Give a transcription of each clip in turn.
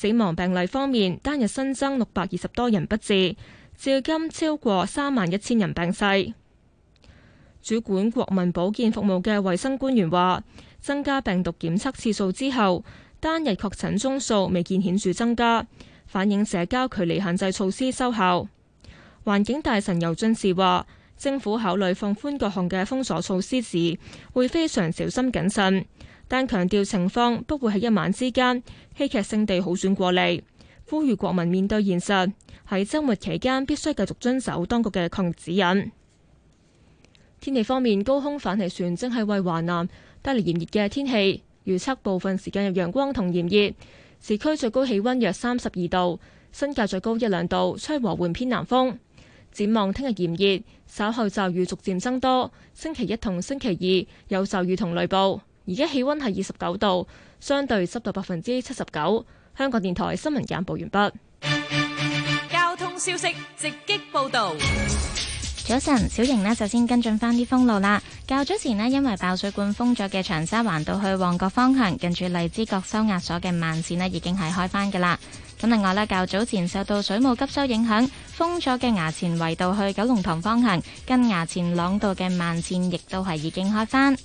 死亡病例方面，單日新增六百二十多人不治，至今超過三萬一千人病逝。主管國民保健服務嘅衛生官員話，增加病毒檢測次數之後，單日確診宗數未見顯著增加，反映社交距離限制措施收效。環境大臣尤俊士話，政府考慮放寬各項嘅封鎖措施時，會非常小心謹慎。但強調情況不會喺一晚之間戲劇性地好轉過嚟，呼籲國民面對現實。喺周末期間，必須繼續遵守當局嘅抗疫指引。天氣方面，高空反氣旋正係為華南帶嚟炎熱嘅天氣。預測部分時間有陽光同炎熱，市區最高氣溫約三十二度，新界最高一兩度，吹和緩偏南風。展望聽日炎熱，稍後驟雨逐漸增多。星期一同星期二有驟雨同雷暴。而家氣温係二十九度，相對濕度百分之七十九。香港電台新聞簡報完畢。交通消息直擊報導。早晨，小瑩呢就先跟進翻啲封路啦。較早前呢，因為爆水管封咗嘅長沙灣道去旺角方向，近住荔枝角收押所嘅慢線呢已經係開返噶啦。咁另外呢，較早前受到水務急收影響封咗嘅衙前圍道去九龍塘方向，跟衙前塱道嘅慢線亦都係已經開返。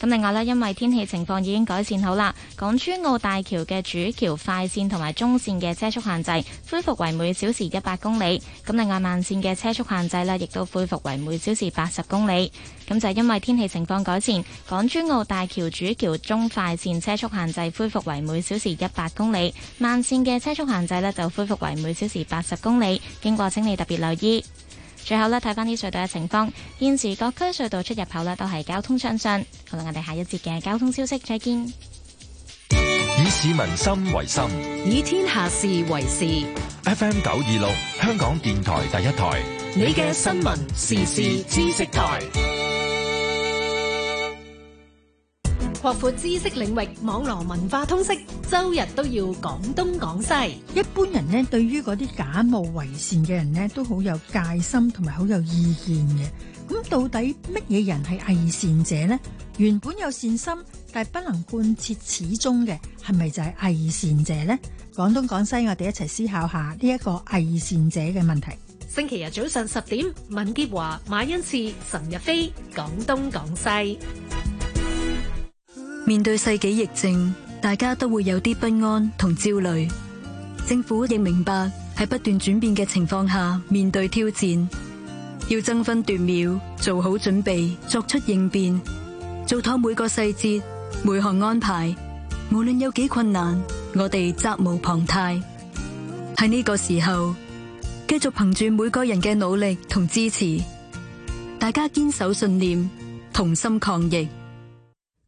咁另外咧，因為天氣情況已經改善好啦，港珠澳大橋嘅主橋快線同埋中線嘅車速限制恢復為每小時一百公里。咁另外慢線嘅車速限制咧，亦都恢復為每小時八十公里。咁就因為天氣情況改善，港珠澳大橋主橋中快線車速限制恢復為每小時一百公里，慢線嘅車速限制咧就恢復為每小時八十公里。經過請你特別留意。最後咧，睇翻啲隧道嘅情況。現時各區隧道出入口咧都係交通暢順。好啦，我哋下一節嘅交通消息，再見。以市民心為心，以天下事為事。FM 九二六，香港電台第一台，你嘅新聞時事知識台。擴闊知識領域，網絡文化通識，周日都要講東講西。一般人呢，對於嗰啲假冒偽善嘅人呢，都好有戒心，同埋好有意見嘅。咁到底乜嘢人係偽善者呢？原本有善心，但係不能貫徹始終嘅，係咪就係偽善者呢？講東講西，我哋一齊思考下呢一個偽善者嘅問題。星期日早上十點，文潔華、馬恩賜、岑逸飛講東講西。面對世紀疫症，大家都會有啲不安同焦慮。政府亦明白喺不斷轉變嘅情況下面對挑戰，要爭分奪秒做好準備，作出應變，做妥每個細節、每項安排。無論有幾困難，我哋責無旁貸。喺呢個時候，繼續憑住每個人嘅努力同支持，大家堅守信念，同心抗疫。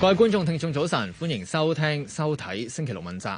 各位觀眾、聽眾，早晨，歡迎收聽、收睇《星期六問責》，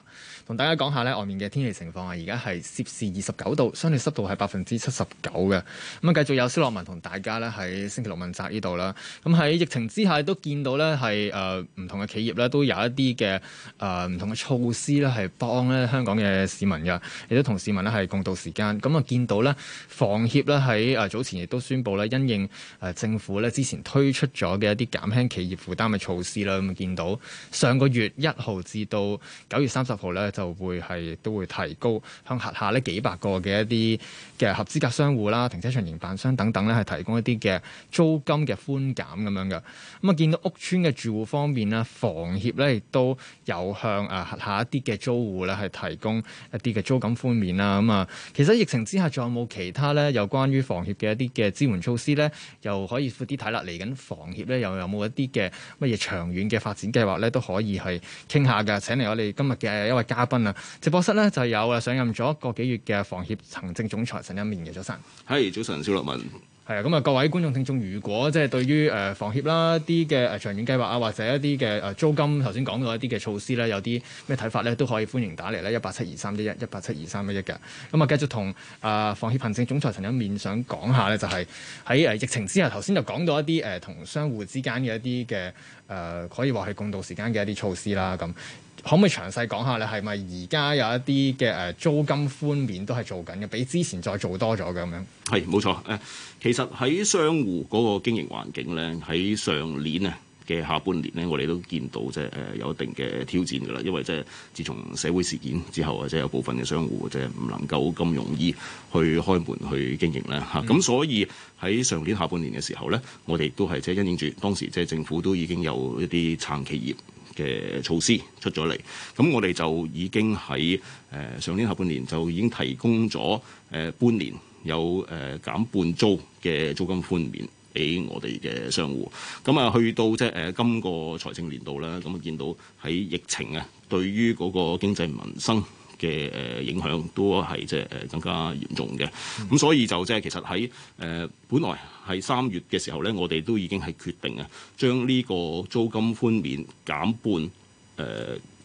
同大家講下咧外面嘅天氣情況啊！而家係攝氏二十九度，相對濕度係百分之七十九嘅。咁繼續有蕭洛文同大家咧喺《星期六問責》呢度啦。咁喺疫情之下，都見到咧係誒唔同嘅企業咧都有一啲嘅誒唔同嘅措施咧，係幫咧香港嘅市民噶，亦都同市民咧係共度時間。咁啊，見到咧房協咧喺誒早前亦都宣布咧，因應誒政府咧之前推出咗嘅一啲減輕企業負擔嘅措施咁咪見到上個月一號至到九月三十號咧，就會係都會提高向轄下咧幾百個嘅一啲嘅合資格商戶啦、停車場營辦商等等咧，係提供一啲嘅租金嘅寬減咁樣嘅。咁、嗯、啊，見到屋邨嘅住戶方面啦，房協咧亦都有向啊轄下一啲嘅租戶咧係提供一啲嘅租金寬免啦。咁、嗯、啊，其實疫情之下仲有冇其他咧有關於房協嘅一啲嘅支援措施咧？又可以闊啲睇啦。嚟緊房協咧又有冇一啲嘅乜嘢長遠。嘅發展計劃咧都可以去傾下㗎，請嚟我哋今日嘅一位嘉賓啊！直播室咧就有上任咗一個幾月嘅房協行政總裁陳一鳴，陳欽勉嘅，早晨，係、hey, 早晨，蕭立文。誒咁啊，各位觀眾聽眾，如果即係對於誒、呃、房協啦啲嘅誒長遠計劃啊，或者一啲嘅誒租金，頭先講到一啲嘅措施咧，有啲咩睇法咧，都可以歡迎打嚟咧，一八七二三一一一八七二三一一嘅。咁、嗯、啊，繼續同啊、呃、房協行政總裁陳欽勉想講下咧，就係喺誒疫情之下，頭先就講到一啲誒同商戶之間嘅一啲嘅誒，可以話係共渡時艱嘅一啲措施啦，咁、嗯。嗯可唔可以詳細講下咧？係咪而家有一啲嘅誒租金寬免都係做緊嘅，比之前再做多咗嘅咁樣？係冇錯誒，其實喺商戶嗰個經營環境咧，喺上年啊嘅下半年咧，我哋都見到即係誒有一定嘅挑戰㗎喇。因為即係自從社會事件之後啊，即係有部分嘅商戶即係唔能夠咁容易去開門去經營咧嚇。咁、嗯、所以喺上年下半年嘅時候咧，我哋都係即係因應住當時即係政府都已經有一啲撐企業。嘅措施出咗嚟，咁我哋就已經喺誒、呃、上年下半年就已經提供咗誒、呃、半年有誒、呃、減半租嘅租金寬免俾我哋嘅商戶。咁啊，去到即係誒今個財政年度啦，咁、呃、啊見到喺疫情啊，對於嗰個經濟民生嘅誒影響都係即係誒更加嚴重嘅，咁、嗯嗯、所以就即係其實喺誒、呃、本來係三月嘅時候咧，我哋都已經係決定啊，將呢個租金寬免減半誒、呃、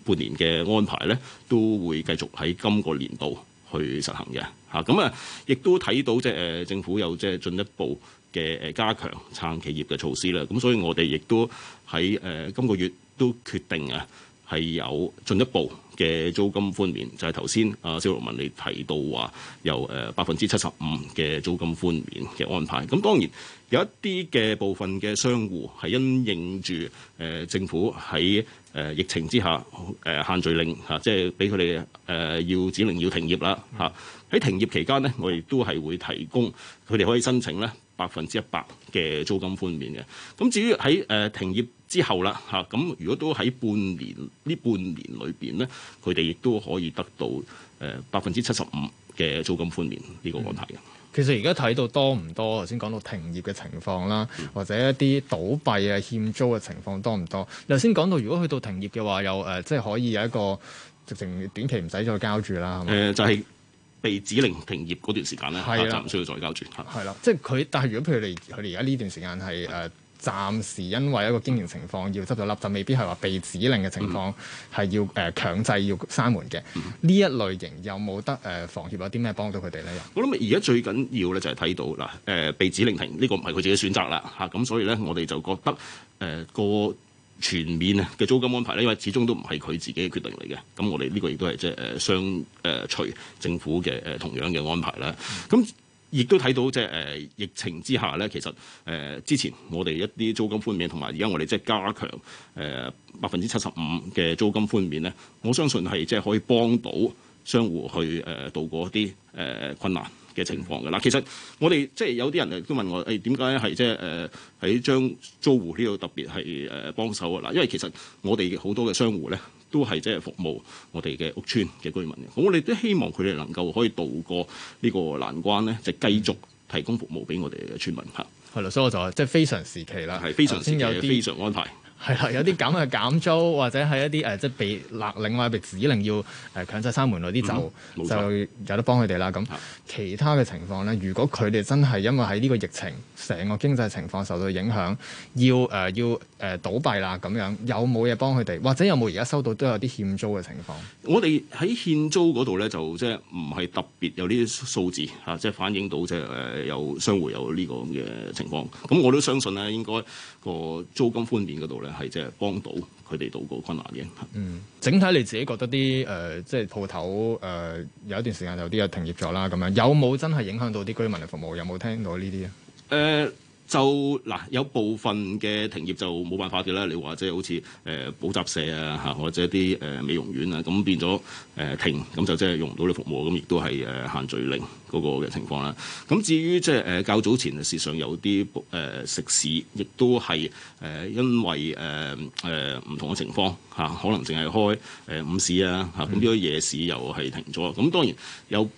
半年嘅安排咧，都會繼續喺今個年度去實行嘅吓。咁啊，亦都睇到即係誒政府有即係、呃、進一步嘅誒加強撐企業嘅措施啦。咁、啊、所以我哋亦都喺誒今個月都決定啊，係有進一步。嘅租金寬免就係頭先阿肖若文你提到話，由誒百分之七十五嘅租金寬免嘅安排，咁當然有一啲嘅部分嘅商戶係因應住誒政府喺誒疫情之下誒限聚令吓，即係俾佢哋誒要指令要停業啦吓，喺停業期間咧，我亦都係會提供佢哋可以申請咧。百分之一百嘅租金寬免嘅，咁至於喺誒停業之後啦，嚇咁如果都喺半年呢半年裏邊咧，佢哋亦都可以得到誒百分之七十五嘅租金寬免呢個安排嘅。其實而家睇到多唔多？頭先講到停業嘅情況啦，嗯、或者一啲倒閉啊、欠租嘅情況多唔多？頭先講到如果去到停業嘅話，有誒即係可以有一個直情短期唔使再交住啦，係嘛？誒就係、是。被指令停業嗰段時間咧，暫唔的、啊、需要再交轉，係啦的，即係佢。但係如果譬如佢哋而家呢段時間係誒的暫時因為一個經營情況要執咗笠，就未必係話被指令嘅情況係要誒、嗯呃、強制要閂門嘅。呢、嗯、一類型有冇得誒房協有啲咩幫呢到佢哋咧？我諗而家最緊要咧，就係睇到嗱誒被指令停呢、呢個唔係佢自己選擇啦嚇，咁、啊、所以咧我哋就覺得誒、呃、個。全面嘅租金安排咧，因為始終都唔係佢自己嘅決定嚟嘅，咁我哋呢個亦都係即係誒相誒隨政府嘅誒、呃、同樣嘅安排啦。咁亦都睇到即係誒疫情之下咧，其實誒、呃、之前我哋一啲租金寬免，同埋而家我哋即係加強誒百分之七十五嘅租金寬免咧，我相信係即係可以幫到商戶去誒、呃、度過一啲誒、呃、困難。嘅情況㗎嗱，其實我哋即係有啲人嚟都問我，誒點解係即係誒喺將租戶呢度特別係誒、呃、幫手啊？嗱，因為其實我哋好多嘅商戶咧都係即係服務我哋嘅屋邨嘅居民嘅，咁我哋都希望佢哋能夠可以渡過呢個難關咧，就是、繼續提供服務俾我哋嘅村民嚇。係啦、嗯，所以我就話即係非常時期啦，係非常時期嘅非常安排。係啦， 有啲減嘅減租，或者係一啲誒、呃、即係被勒令或被指令要誒強制閂門內啲、嗯、就錯就有得幫佢哋啦。咁其他嘅情況咧，如果佢哋真係因為喺呢個疫情成個經濟情況受到影響，要誒、呃、要誒倒閉啦咁樣，有冇嘢幫佢哋？或者有冇而家收到都有啲欠租嘅情況？ 我哋喺欠租嗰度咧，就即係唔係特別有呢啲數字嚇，即、就、係、是、反映到即係誒有商戶有呢個咁嘅情況。咁我都相信咧，應該個租金寬免嗰度係即係幫到佢哋渡過困難嘅。嗯，整體你自己覺得啲誒，即係鋪頭誒、呃，有一段時間有啲又停業咗啦，咁樣有冇真係影響到啲居民嘅服務？有冇聽到呢啲啊？誒、呃。就嗱，有部分嘅停業就冇辦法嘅咧。你話即係好似誒補習社啊，嚇或者啲誒美容院啊，咁變咗誒停，咁就即係用唔到你服務，咁亦都係誒限聚令嗰個嘅情況啦。咁至於即係誒較早前啊，事實上有啲誒食肆亦都係誒因為誒誒唔同嘅情況嚇，可能淨係開誒午市啊嚇，咁呢個夜市又係停咗。咁當然有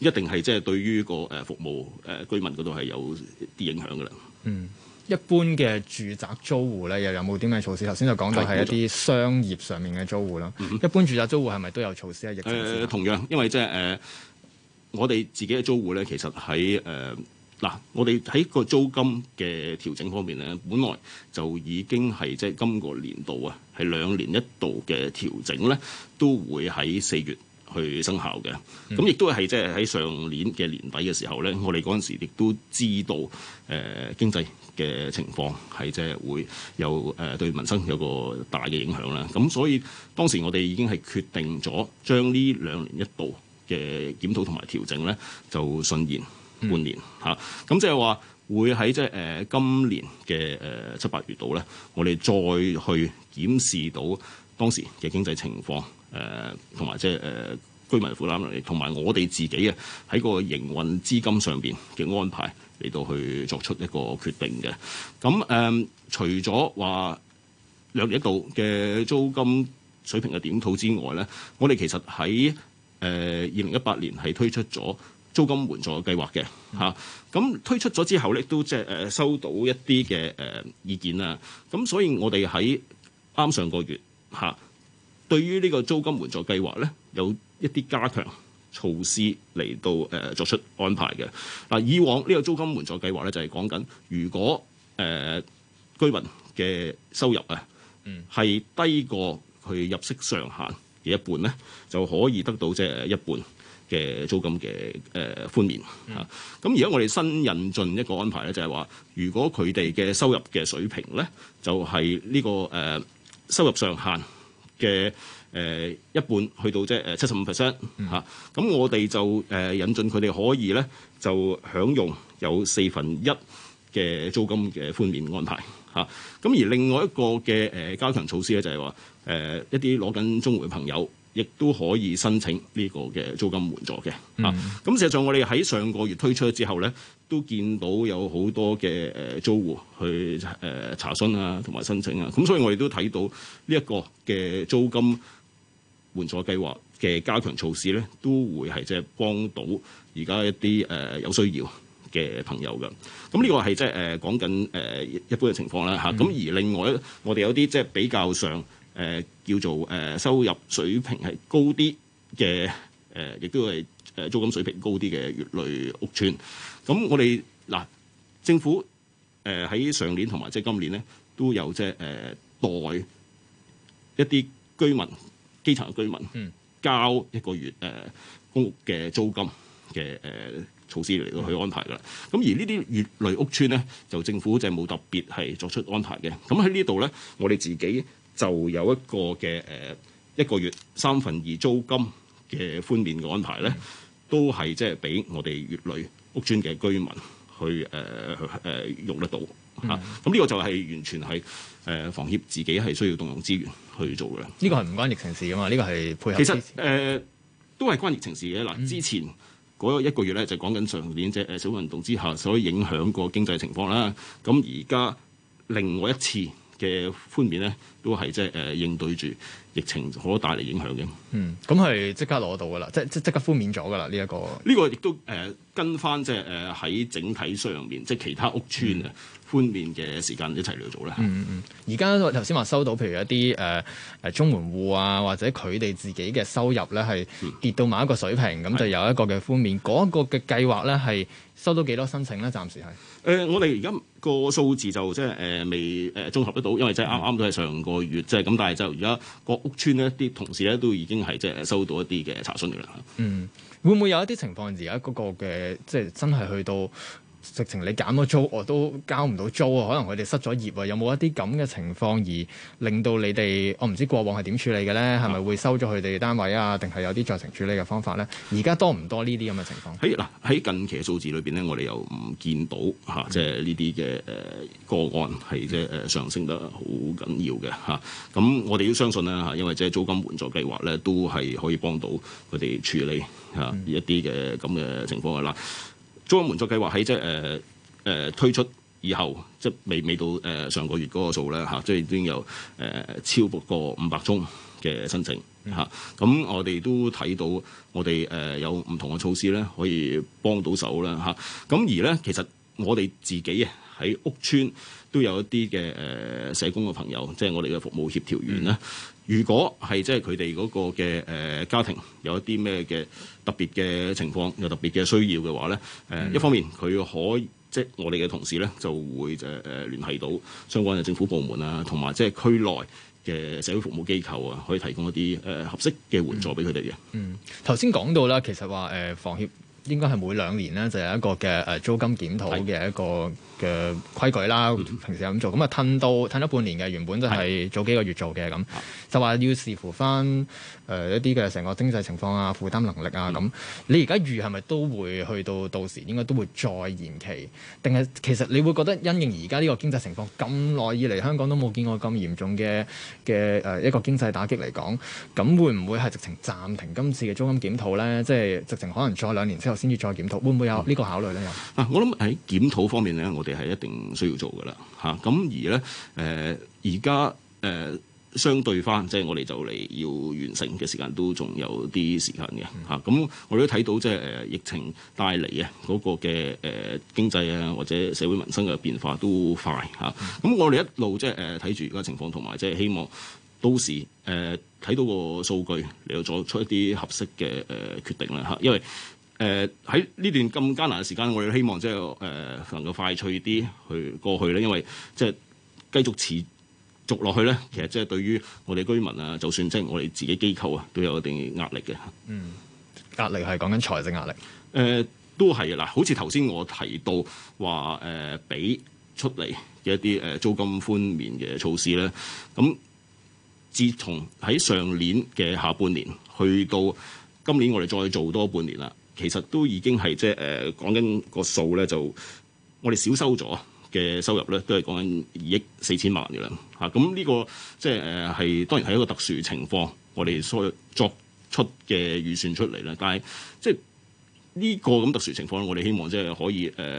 一定係即係對於個誒服務誒居民嗰度係有啲影響㗎啦。嗯，一般嘅住宅租戶咧，又有冇啲咩措施？頭先就講到係一啲商業上面嘅租戶咯。嗯、哼一般住宅租戶係咪都有措施咧？誒、呃，同樣因為即係誒，我哋自己嘅租戶咧，其實喺誒嗱，我哋喺個租金嘅調整方面咧，本來就已經係即係今個年度啊，係兩年一度嘅調整咧，都會喺四月，去生效嘅，咁亦都係即係喺上年嘅年底嘅時候咧，我哋嗰陣時亦都知道誒、呃、經濟嘅情況，係即係會有誒、呃、對民生有個大嘅影響啦。咁所以當時我哋已經係決定咗將呢兩年一度嘅檢討同埋調整咧，就順延半年吓，咁即係話會喺即係誒今年嘅誒七八月度咧，我哋再去檢視到，當時嘅經濟情況，誒同埋即係誒居民負擔能力，同埋我哋自己啊喺個營運資金上邊嘅安排嚟到去作出一個決定嘅。咁誒、呃，除咗話兩年一度嘅租金水平嘅檢討之外咧，我哋其實喺誒二零一八年係推出咗租金援助嘅計劃嘅嚇。咁、嗯啊、推出咗之後咧，都即係誒收到一啲嘅誒意見啦。咁所以，我哋喺啱上個月，嚇！對於呢個租金援助計劃咧，有一啲加強措施嚟到誒、呃、作出安排嘅嗱。以往呢個租金援助計劃咧，就係講緊如果誒、呃、居民嘅收入啊，嗯，係低過佢入息上限嘅一半咧，就可以得到即係一半嘅租金嘅誒、呃、寬免嚇。咁而家我哋新引進一個安排咧，就係、是、話如果佢哋嘅收入嘅水平咧，就係、是、呢、這個誒。呃收入上限嘅誒、呃、一半去到即係誒七十五 percent 嚇，咁、呃啊、我哋就誒、呃、引進佢哋可以咧就享用有四分一嘅租金嘅寬免安排嚇，咁、啊、而另外一個嘅誒加強措施咧就係話誒一啲攞緊綜援嘅朋友。亦都可以申請呢個嘅租金援助嘅，啊、嗯，咁事實上，我哋喺上個月推出之後咧，都見到有好多嘅誒租戶去誒查詢啊，同埋申請啊，咁所以我哋都睇到呢一個嘅租金援助計劃嘅加強措施咧，都會係即係幫到而家一啲誒有需要嘅朋友嘅。咁呢個係即係誒講緊誒一般嘅情況啦，嚇、嗯。咁而另外，我哋有啲即係比較上。誒、呃、叫做誒、呃、收入水平係高啲嘅誒，亦、呃、都係誒、呃、租金水平高啲嘅月類屋邨，咁我哋嗱、呃，政府誒喺上年同埋即係今年咧，都有即係誒代一啲居民、基層嘅居民交一個月誒、呃、公屋嘅租金嘅誒、呃、措施嚟到去安排㗎啦。咁而呢啲月類屋邨咧，就政府就冇特別係作出安排嘅。咁喺呢度咧，嗯、我哋自己。就有一個嘅誒一個月三分二租金嘅寬免嘅安排咧，嗯、都係即係俾我哋月裏屋邨嘅居民去誒誒、呃呃呃、用得到嚇。咁呢、嗯啊、個就係完全係誒房協自己係需要動用資源去做嘅。呢個係唔關疫情事㗎嘛？呢個係配合。嗯、其實誒、呃、都係關疫情事嘅嗱。之前嗰一個月咧，就講緊上年隻誒小運動之下，所以影響個經濟情況啦。咁而家另外一次。嘅寬免咧，都係即係誒應對住疫情可帶嚟影響嘅。嗯，咁係即刻攞到噶啦，即即即刻寬免咗噶啦呢一個。呢個亦都誒跟翻即係誒喺整體上面，即係其他屋邨嘅、嗯、寬免嘅時間一齊嚟做咧、嗯。嗯嗯而家我頭先話收到，譬如一啲誒誒中門戶啊，或者佢哋自己嘅收入咧係跌到某一個水平，咁、嗯、就有一個嘅寬免。嗰個嘅計劃咧係。是收到幾多申請咧？暫時係誒、呃，我哋而家個數字就即係誒未誒、呃、綜合得到，因為即係啱啱都係上個月即係咁，但係就而家各屋邨咧啲同事咧都已經係即係收到一啲嘅查詢嘅啦。嗯，會唔會有一啲情況而家嗰個嘅即係真係去到？直情你減咗租，我都交唔到租啊！可能佢哋失咗業啊？有冇一啲咁嘅情況而令到你哋？我唔知過往係點處理嘅咧，係咪會收咗佢哋單位啊？定係有啲酌情處理嘅方法咧？而家多唔多呢啲咁嘅情況？喺嗱喺近期數字裏邊咧，我哋又唔見到嚇，即係呢啲嘅誒個案係即係上升得好緊要嘅嚇。咁我哋都相信咧嚇，因為即係租金援助計劃咧，都係可以幫到佢哋處理嚇一啲嘅咁嘅情況嘅啦。中一門作計劃喺即係誒誒推出以後，即係未未到誒、呃、上個月嗰個數咧嚇，即、啊、係已經有誒、呃、超過五百宗嘅申請嚇。咁、啊、我哋都睇到我哋誒、呃、有唔同嘅措施咧，可以幫到手啦嚇。咁、啊、而咧，其實我哋自己啊喺屋邨都有一啲嘅誒社工嘅朋友，即、就、係、是、我哋嘅服務協調員啦。嗯如果係即係佢哋嗰個嘅誒家庭有一啲咩嘅特別嘅情況，有特別嘅需要嘅話咧，誒、嗯、一方面佢可即係、就是、我哋嘅同事咧就會誒誒聯繫到相關嘅政府部門啊，同埋即係區內嘅社會服務機構啊，可以提供一啲誒合適嘅援助俾佢哋嘅。嗯，頭先講到啦，其實話誒房協應該係每兩年咧就有一個嘅誒租金檢討嘅一個嘅規矩啦，平時咁做，咁啊褪到褪咗半年嘅，原本都係早幾個月做嘅咁，的就話要視乎翻誒一啲嘅成個經濟情況啊、負擔能力啊咁。嗯、你而家預係咪都會去到到時應該都會再延期？定係其實你會覺得因應而家呢個經濟情況咁耐以嚟香港都冇見過咁嚴重嘅嘅誒一個經濟打擊嚟講，咁會唔會係直情暫停今次嘅租金檢討咧？即、就、係、是、直情可能再兩年之後先至再檢討，會唔會有呢個考慮咧、啊？我諗喺檢討方面咧，我我哋係一定需要做噶啦，嚇、啊、咁而咧，誒而家誒相對翻，即、就、係、是、我哋就嚟要完成嘅時間都仲有啲時間嘅，嚇、啊、咁我哋都睇到即係誒疫情帶嚟啊嗰個嘅誒、呃、經濟啊或者社會民生嘅變化都快嚇，咁、啊、我哋一路即係誒睇住而家情況同埋即係希望到時誒睇、呃、到個數據，嚟到做出一啲合適嘅誒、呃、決定啦嚇、啊，因為。誒，喺呢、呃、段咁艱難嘅時間，我哋希望即係誒能夠快脆啲去過去咧，因為即係繼續持續落去咧，其實即係對於我哋居民啊，就算即係我哋自己機構啊，都有一定嘅壓力嘅。嗯，壓力係講緊財政壓力。誒、呃，都係嗱，好似頭先我提到話，誒、呃、俾出嚟嘅一啲誒租金寬免嘅措施咧，咁自從喺上年嘅下半年去到今年，我哋再做多半年啦。其實都已經係即係誒講緊個數咧，就我哋少收咗嘅收入咧，都係講緊二億四千萬嘅啦。嚇、啊，咁、這、呢個即係誒係當然係一個特殊情況，我哋所作出嘅預算出嚟啦。但係即係呢個咁特殊情況，我哋希望即係可以誒、呃、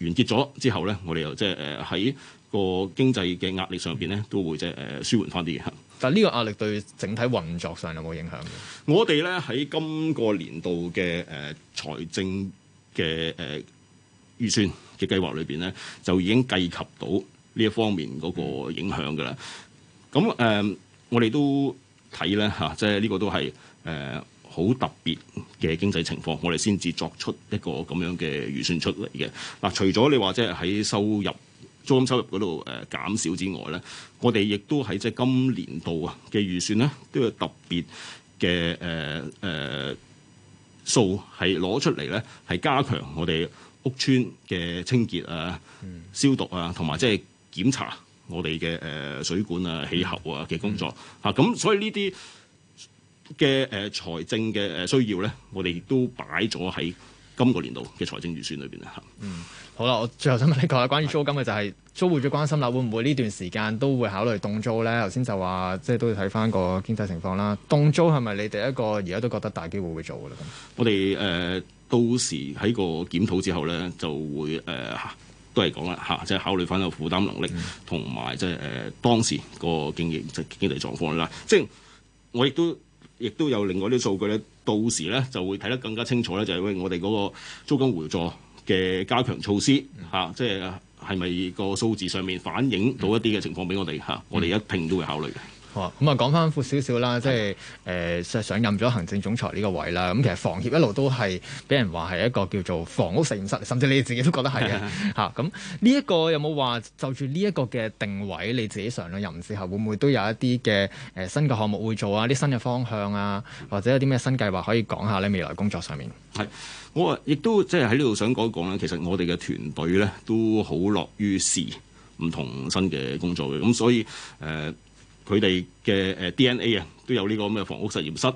完結咗之後咧，我哋又即係誒喺個經濟嘅壓力上面咧，都會即係誒舒緩翻啲嚇。啊。但呢個壓力對整體運作上有冇影響嘅？我哋咧喺今個年度嘅誒、呃、財政嘅誒預算嘅計劃裏邊咧，就已經計及到呢一方面嗰個影響嘅啦。咁誒、呃，我哋都睇咧吓，即係呢個都係誒好特別嘅經濟情況，我哋先至作出一個咁樣嘅預算出嚟嘅。嗱、呃，除咗你話即係喺收入。租金收入嗰度誒減少之外咧，我哋亦都喺即係今年度啊嘅預算咧，都有特別嘅誒誒數係攞出嚟咧，係加強我哋屋邨嘅清潔啊、消毒啊，同埋即係檢查我哋嘅誒水管啊、氣喉啊嘅工作嚇。咁、嗯嗯啊、所以呢啲嘅誒財政嘅誒需要咧，我哋亦都擺咗喺。今個年度嘅財政預算裏邊咧，嗯，好啦，我最後想問你個啦，關於租金嘅，就係租戶最關心啦，會唔會呢段時間都會考慮凍租咧？頭先就話即係都要睇翻個經濟情況啦。凍租係咪你哋一個而家都覺得大機會會做嘅咧？咁我哋誒、呃，到時喺個檢討之後咧，就會誒、呃，都係講啦吓，即係考慮翻個負擔能力同埋即係誒，當時個經營即係經濟狀況啦。即係我亦都。亦都有另外啲數據咧，到時咧就會睇得更加清楚咧，就係、是、喂我哋嗰個租金援助嘅加強措施嚇、嗯啊，即係係咪個數字上面反映到一啲嘅情況俾我哋嚇、嗯啊，我哋一定都會考慮嘅。咁啊，講翻闊少少啦，即係誒是、呃、上任咗行政總裁呢個位啦。咁其實房協一路都係俾人話係一個叫做房屋實驗室，甚至你自己都覺得係嘅嚇。咁呢一個有冇話就住呢一個嘅定位，你自己上咗任之後會唔會都有一啲嘅誒新嘅項目會做啊？啲新嘅方向啊，或者有啲咩新計劃可以講下咧？未來工作上面，係我亦都即係喺呢度想講一講咧。其實我哋嘅團隊咧都好樂於試唔同新嘅工作嘅，咁所以誒。呃佢哋嘅誒 DNA 啊，NA，都有呢個咁嘅房屋實驗室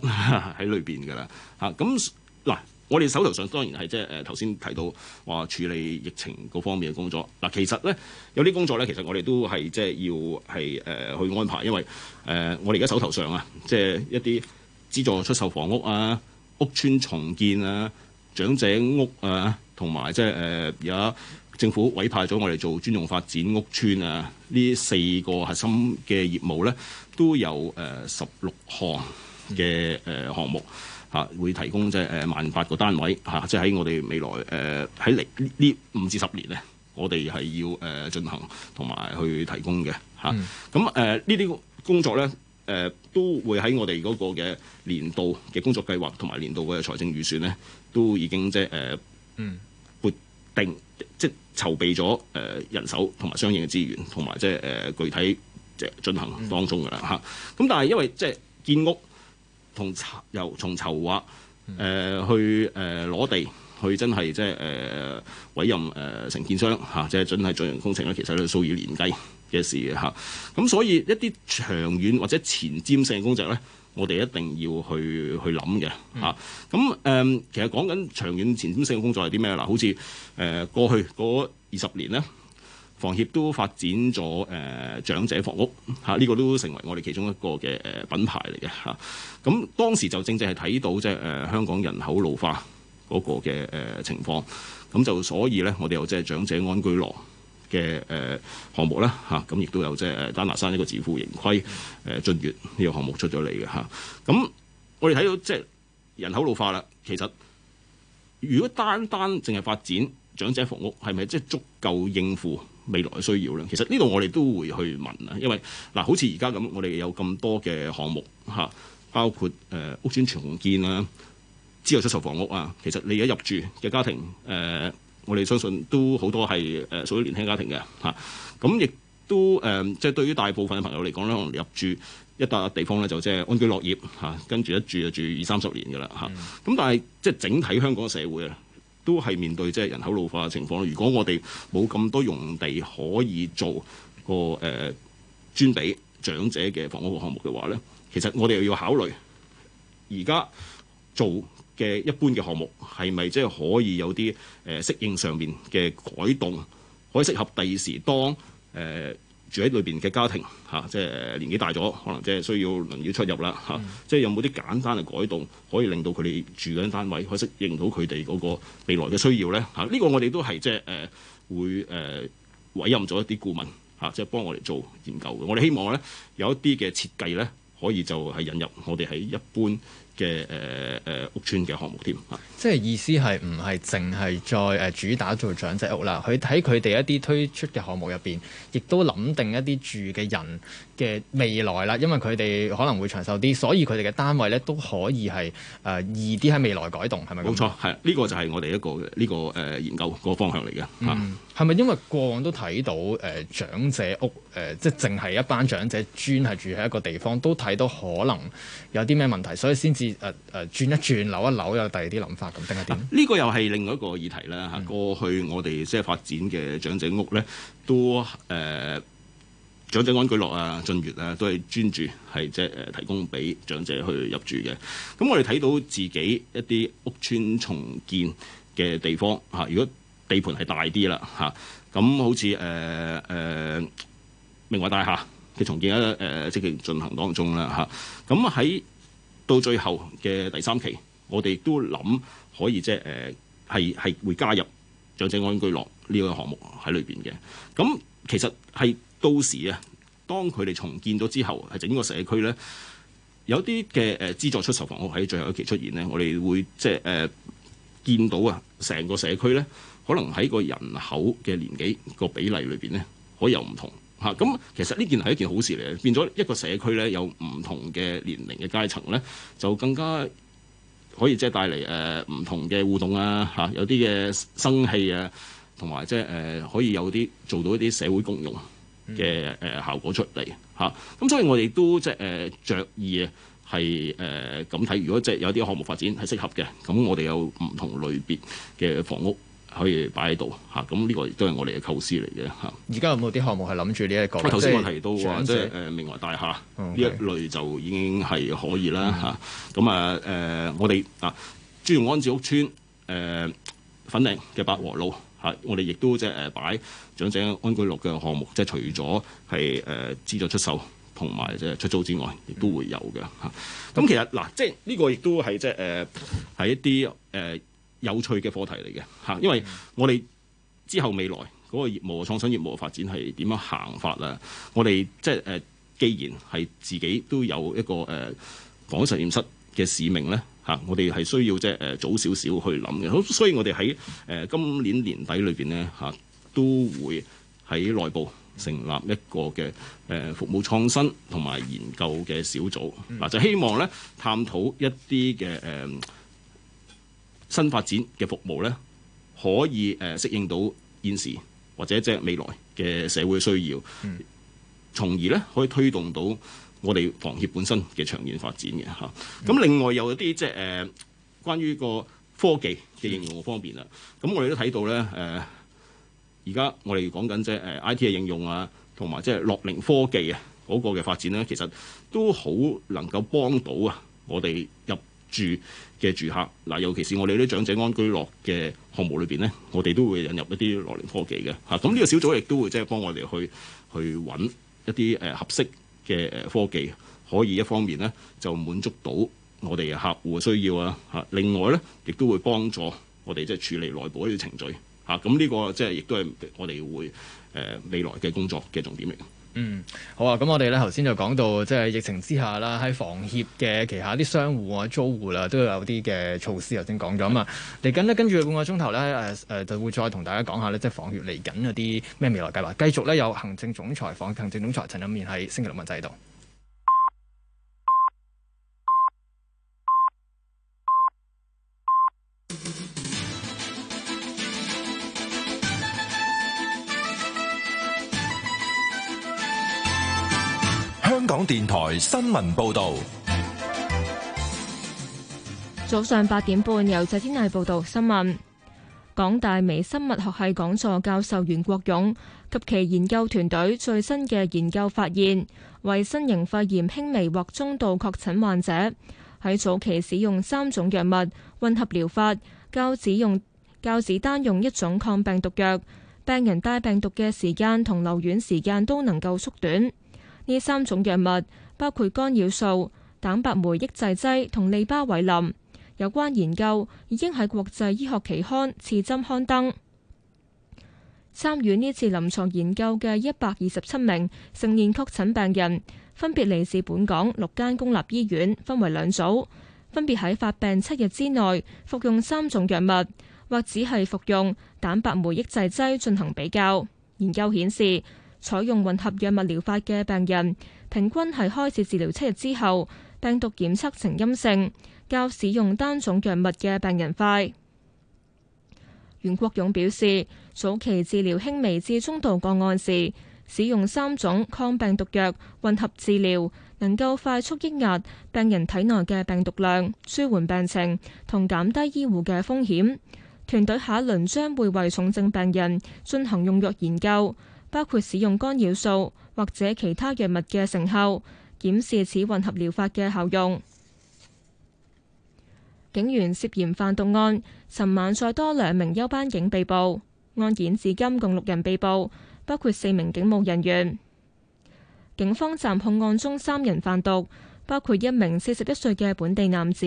喺裏邊㗎啦。嚇，咁嗱，我哋手頭上當然係即係誒頭先提到話處理疫情嗰方面嘅工作。嗱、啊，其實咧有啲工作咧，其實我哋都係即係要係誒、呃、去安排，因為誒、呃、我哋而家手頭上啊，即、就、係、是、一啲資助出售房屋啊、屋村重建啊、長者屋啊，同埋即係誒有。政府委派咗我哋做專用發展屋邨啊，呢四個核心嘅業務咧，都有誒十六項嘅誒項目嚇、啊，會提供即係誒萬八個單位嚇、啊，即係喺我哋未來誒喺嚟呢五至十年咧，我哋係要誒進、呃、行同埋去提供嘅嚇。咁誒呢啲工作咧誒、呃、都會喺我哋嗰個嘅年度嘅工作計劃同埋年度嘅財政預算咧，都已經即係誒嗯。即係籌備咗誒、呃、人手同埋相應嘅資源，同埋即係誒、呃、具體即係進行當中噶啦吓。咁、啊、但係因為即係建屋同由從籌劃誒去誒攞、呃、地，去真係即係誒委任誒承、呃、建商吓、啊，即係進行進行工程咧，其實都係數以年計嘅事吓。咁、啊啊、所以一啲長遠或者前瞻性工程咧。我哋一定要去去諗嘅嚇，咁誒，其實講緊長遠前瞻性嘅工作係啲咩嗱？好似誒、呃、過去嗰二十年咧，房協都發展咗誒、呃、長者房屋嚇，呢、啊這個都成為我哋其中一個嘅誒品牌嚟嘅嚇。咁、啊嗯、當時就正正係睇到即係誒香港人口老化嗰個嘅誒、呃、情況，咁、啊、就所以咧，我哋又即係長者安居樂嘅誒、呃、項目啦，嚇咁亦都有即係、呃、丹拿山呢個自負盈虧誒、呃、進月呢、這個項目出咗嚟嘅嚇。咁、啊嗯、我哋睇到即係人口老化啦，其實如果單單淨係發展長者房屋，係咪即係足夠應付未來嘅需要咧？其實呢度我哋都會去問啊，因為嗱、啊，好似而家咁，我哋有咁多嘅項目嚇、啊，包括誒、呃、屋邨重建啦、啊、之後出售房屋啊，其實你一入住嘅家庭誒。呃呃呃我哋相信都好多係誒屬於年輕家庭嘅嚇，咁、啊、亦都誒、呃、即係對於大部分嘅朋友嚟講咧，可能入住一笪地方咧就即係安居樂業嚇，跟住、啊、一住就住二三十年嘅啦嚇。咁、啊嗯、但係即係整體香港嘅社會啊，都係面對即係人口老化嘅情況。如果我哋冇咁多用地可以做個誒專俾長者嘅房屋項目嘅話咧，其實我哋又要考慮而家做。嘅一般嘅項目係咪即係可以有啲誒、呃、適應上面嘅改動，可以適合第二時當誒、呃、住喺裏邊嘅家庭嚇、啊，即係年紀大咗，可能即係需要能夠出入啦嚇、啊。即係有冇啲簡單嘅改動，可以令到佢哋住緊單位可以適應到佢哋嗰個未來嘅需要呢？嚇、啊？呢、這個我哋都係即係誒、呃、會誒、呃、委任咗一啲顧問嚇、啊，即係幫我哋做研究嘅。我哋希望呢有一啲嘅設計呢，可以就係引入我哋喺一般。嘅誒誒屋邨嘅項目添，即係意思係唔係淨係再誒主打做長者屋啦？佢喺佢哋一啲推出嘅項目入邊，亦都諗定一啲住嘅人嘅未來啦，因為佢哋可能會長壽啲，所以佢哋嘅單位咧都可以係誒、呃、易啲喺未來改動，係咪？冇錯，係呢、呢個就係我哋一個呢、呢個誒、呃、研究個方向嚟嘅嚇。係、啊、咪、嗯、因為過往都睇到誒、呃、長者屋誒，即係淨係一班長者專係住喺一個地方，都睇到可能有啲咩問題，所以先至誒誒轉一轉扭一扭有第二啲諗法咁定係點？呢、呃啊呢個又係另外一個議題啦嚇、啊。過去我哋即係發展嘅長者屋咧，都、啊、誒。啊啊嗯嗯長者安居樂啊，俊月啊，都係專注係即係誒、呃、提供俾長者去入住嘅。咁、嗯、我哋睇到自己一啲屋邨重建嘅地方嚇、啊，如果地盤係大啲啦嚇，咁、啊嗯、好似誒誒明華大廈嘅重建咧誒，積、呃、極進行當中啦嚇。咁、啊、喺、嗯、到最後嘅第三期，我哋都諗可以即係誒係係會加入長者安居樂呢個項目喺裏邊嘅。咁、嗯、其實係。到時啊，當佢哋重建咗之後，係整個社區咧，有啲嘅誒資助出售房屋喺最後一期出現咧，我哋會即係誒、呃、見到啊。成個社區咧，可能喺個人口嘅年紀個比例裏邊咧，可以有唔同嚇。咁、啊、其實呢件係一件好事嚟嘅，變咗一個社區咧，有唔同嘅年齡嘅階層咧，就更加可以即係帶嚟誒唔同嘅互動啊嚇、啊。有啲嘅生氣啊，同埋即係誒、呃、可以有啲做到一啲社會共融嘅誒效果出嚟嚇，咁、啊、所以我哋都即係誒著意係誒咁睇，如果即係有啲項目發展係適合嘅，咁我哋有唔同類別嘅房屋可以擺喺度嚇，咁、啊、呢個亦都係我哋嘅構思嚟嘅嚇。而、啊、家有冇啲項目係諗住呢一個？頭先、啊、我提到，話，即係誒明華大廈呢 Okay. 一類就已經係可以啦嚇。咁啊誒、啊啊，我哋啊專用安置屋邨誒、啊、粉嶺嘅百和路。嚇、啊！我哋亦都即係誒擺長者安居樂嘅項目，即係除咗係誒資助出售同埋即係出租之外，亦都會有嘅嚇。咁、啊嗯嗯嗯、其實嗱，即係呢、這個亦都係即係誒係一啲誒、呃、有趣嘅課題嚟嘅嚇，因為我哋之後未來嗰、那個業務創新業務發展係點樣行法啊？我哋即係誒、呃，既然係自己都有一個誒、呃、房實驗室嘅使命咧。嚇、啊！我哋係需要即係誒早少少去諗嘅，好，所以我哋喺誒今年年底裏邊咧嚇都會喺內部成立一個嘅誒、呃、服務創新同埋研究嘅小組，嗱、嗯啊、就希望咧探討一啲嘅誒新發展嘅服務咧，可以誒、呃、適應到現時或者即係未來嘅社會需要，嗯、從而咧可以推動到。我哋房協本身嘅長遠發展嘅嚇，咁另外又有啲即係誒關於個科技嘅應用方面啦，咁我哋都睇到咧誒，而、呃、家我哋講緊即係誒 I T 嘅應用啊，同埋即係樂齡科技啊嗰個嘅發展咧，其實都好能夠幫到啊我哋入住嘅住客嗱，尤其是我哋啲長者安居樂嘅項目裏邊咧，我哋都會引入一啲樂齡科技嘅嚇，咁呢個小組亦都會即係幫我哋去去搵一啲誒合適。certaines Data products Rena ult yes, 嘅誒科技可以一方面咧就滿足到我哋客戶嘅需要啊，嚇另外咧亦都會幫助我哋即係處理內部一啲程序吓。咁、啊、呢、這個即係亦都係我哋會誒、呃、未來嘅工作嘅重點。嚟。嗯，好啊，咁我哋咧頭先就講到即係疫情之下啦，喺房協嘅旗下啲商戶啊、租戶啦，都有啲嘅措施，頭先講咗啊嘛。嚟緊呢，跟住半個鐘頭咧，誒、呃、誒，就會再同大家講下咧，即係房協嚟緊嗰啲咩未來計劃。繼續咧有行政總裁房，行政總裁陳欽勉喺星期六晚喺度。香港電台新聞報道，早上八點半由謝天麗報道新聞。港大微生物學系講座教授袁國勇及其研究團隊最新嘅研究發現，為新型肺炎輕微或中度確診患者喺早期使用三種藥物混合療法，較只用較只單用一種抗病毒藥，病人帶病毒嘅時間同留院時間都能夠縮短。呢三種藥物包括干擾素、蛋白酶抑制劑同利巴韋林。有關研究已經喺國際醫學期刊《刺針》刊登。參與呢次臨床研究嘅一百二十七名成年確診病人，分別嚟自本港六間公立醫院，分為兩組，分別喺發病七日之內服用三種藥物，或只係服用蛋白酶抑制劑進行比較。研究顯示，採用混合藥物療法嘅病人，平均喺開始治療七日之後，病毒檢測呈陰性，較使用單種藥物嘅病人快。袁國勇表示，早期治療輕微至中度個案時，使用三種抗病毒藥混合治療，能夠快速抑壓病人體內嘅病毒量，舒緩病情，同減低醫護嘅風險。團隊下一輪將會為重症病人進行用藥研究。包括使用干擾素或者其他藥物嘅成效，檢視此混合療法嘅效用。警員涉嫌販毒案，尋晚再多兩名休班警被捕，案件至今共六人被捕，包括四名警務人員。警方暫控案中三人販毒，包括一名四十一歲嘅本地男子、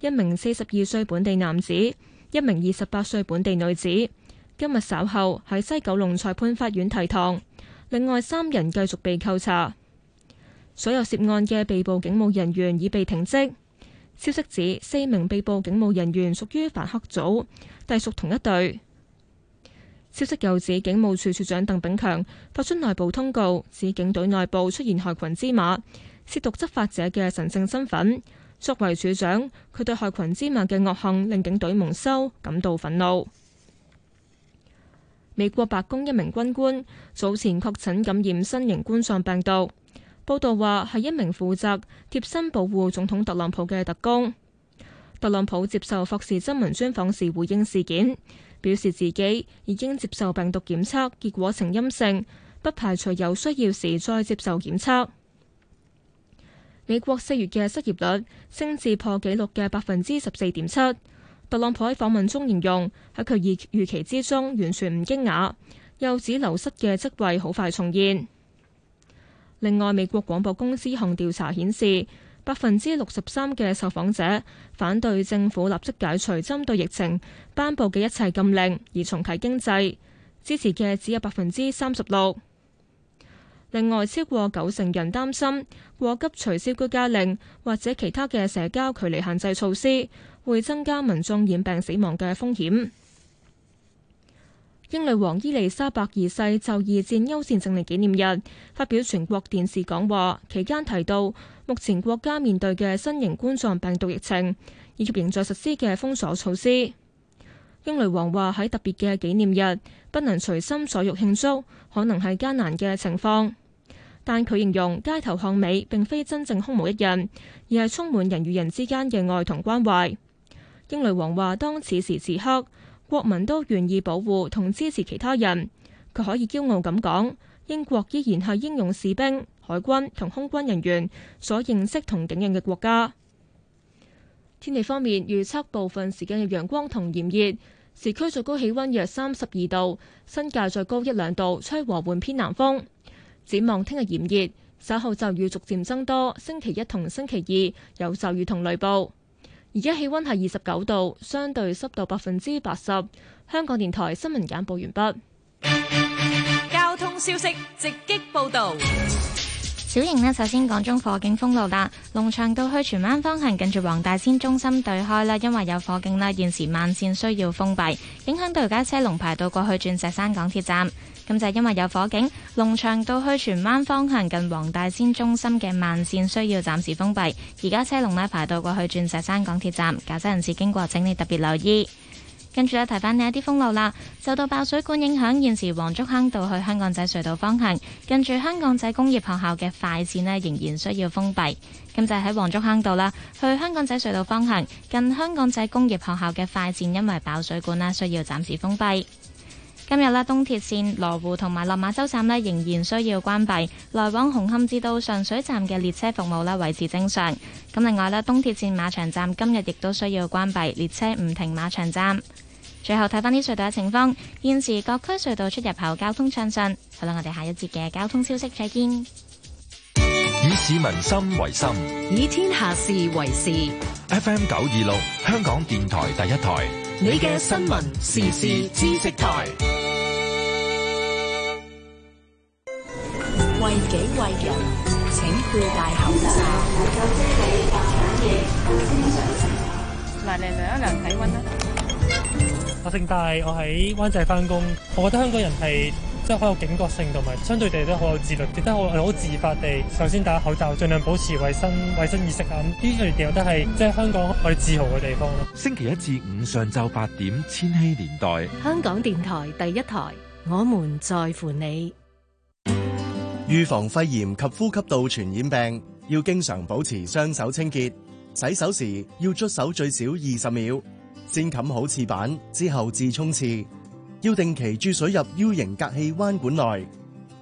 一名四十二歲本地男子、一名二十八歲本地女子。今日稍後喺西九龍裁判法院提堂，另外三人繼續被扣查。所有涉案嘅被捕警務人員已被停職。消息指四名被捕警務人員屬於反黑組，隸屬同一隊。消息又指警務處處長鄧炳強發出內部通告，指警隊內部出現害群之馬，褻瀆執法者嘅神聖身份。作為處長，佢對害群之馬嘅惡行令警隊蒙羞感到憤怒。美國白宮一名軍官早前確診感染新型冠狀病毒，報道話係一名負責貼身保護總統特朗普嘅特工。特朗普接受霍士新聞專訪時回應事件，表示自己已經接受病毒檢測，結果呈陰性，不排除有需要時再接受檢測。美國四月嘅失業率升至破紀錄嘅百分之十四點七。特朗普喺訪問中形容喺佢預預期之中，完全唔驚訝，又指流失嘅職位好快重現。另外，美國廣播公司項調查顯示，百分之六十三嘅受訪者反對政府立即解除針對疫情頒布嘅一切禁令而重啟經濟，支持嘅只有百分之三十六。另外，超過九成人擔心過急取消居家令或者其他嘅社交距離限制措施。會增加民眾染病死亡嘅風險。英女王伊麗莎白二世就二戰歐戰勝利紀念日發表全國電視講話，期間提到目前國家面對嘅新型冠狀病毒疫情，以及仍在實施嘅封鎖措施。英女王話喺特別嘅紀念日不能隨心所欲慶祝，可能係艱難嘅情況。但佢形容街頭巷尾並非真正空無一人，而係充滿人與人之間嘅愛同關懷。英女王話，當此時此刻，國民都願意保護同支持其他人，佢可以驕傲咁講，英國依然係英勇士兵、海軍同空軍人員所認識同景仰嘅國家。天氣方面，預測部分時間有陽光同炎熱，市區最高氣溫約三十二度，新界再高一兩度，吹和緩偏南風。展望聽日炎熱，稍後驟雨逐漸增多，星期一同星期二有驟雨同雷暴。而家氣溫係二十九度，相對濕度百分之八十。香港電台新聞簡報完畢。交通消息直擊報道：小型呢，首先講中火警封路啦，龍翔道去荃灣方向，近住黃大仙中心對開啦，因為有火警啦，現時慢線需要封閉，影響到架車龍排到過去鑽石山港鐵站。咁就係因為有火警，龍翔道去荃灣方向近黃大仙中心嘅慢線需要暫時封閉。而家車龍呢排到過去鑽石山港鐵站，駕駛人士經過請你特別留意。跟住咧提翻你一啲封路啦。受到爆水管影響，現時黃竹坑道去香港仔隧道方向近住香港仔工業學校嘅快線呢仍然需要封閉。咁就係喺黃竹坑道啦，去香港仔隧道方向近香港仔工業學校嘅快線，因為爆水管呢需要暫時封閉。今日咧，東鐵綫羅湖同埋落馬洲站咧仍然需要關閉，來往紅磡至到上水站嘅列車服務咧維持正常。咁另外咧，東鐵綫馬場站今日亦都需要關閉，列車唔停馬場站。最後睇返啲隧道嘅情況，現時各區隧道出入口交通暢順。好啦，我哋下一節嘅交通消息再見。以市民心為心，以天下事為事。FM 九二六，香港電台第一台，你嘅新聞時事知識台。為己為人，請佩戴口罩。嗱嚟量一量體溫啦。我姓戴，我喺灣仔返工。我覺得香港人係。即係好有警覺性，同埋相對地都好有自律，亦都好自發地，首先戴口罩，盡量保持衛生衛生意識啊！呢類嘢都係即係香港可以自豪嘅地方咯。星期一至五上晝八點，千禧年代，香港電台第一台，我們在乎你。預防肺炎及呼吸道傳染病，要經常保持雙手清潔。洗手時要捽手最少二十秒，先冚好廁板，之後至沖廁。要定期注水入 U 型隔氣彎管內，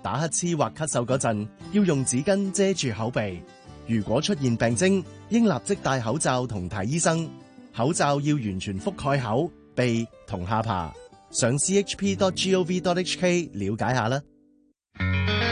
打乞嗤或咳嗽嗰陣要用紙巾遮住口鼻。如果出現病徵，應立即戴口罩同睇醫生。口罩要完全覆蓋口、鼻同下巴。上 chp.gov.hk 了解下啦。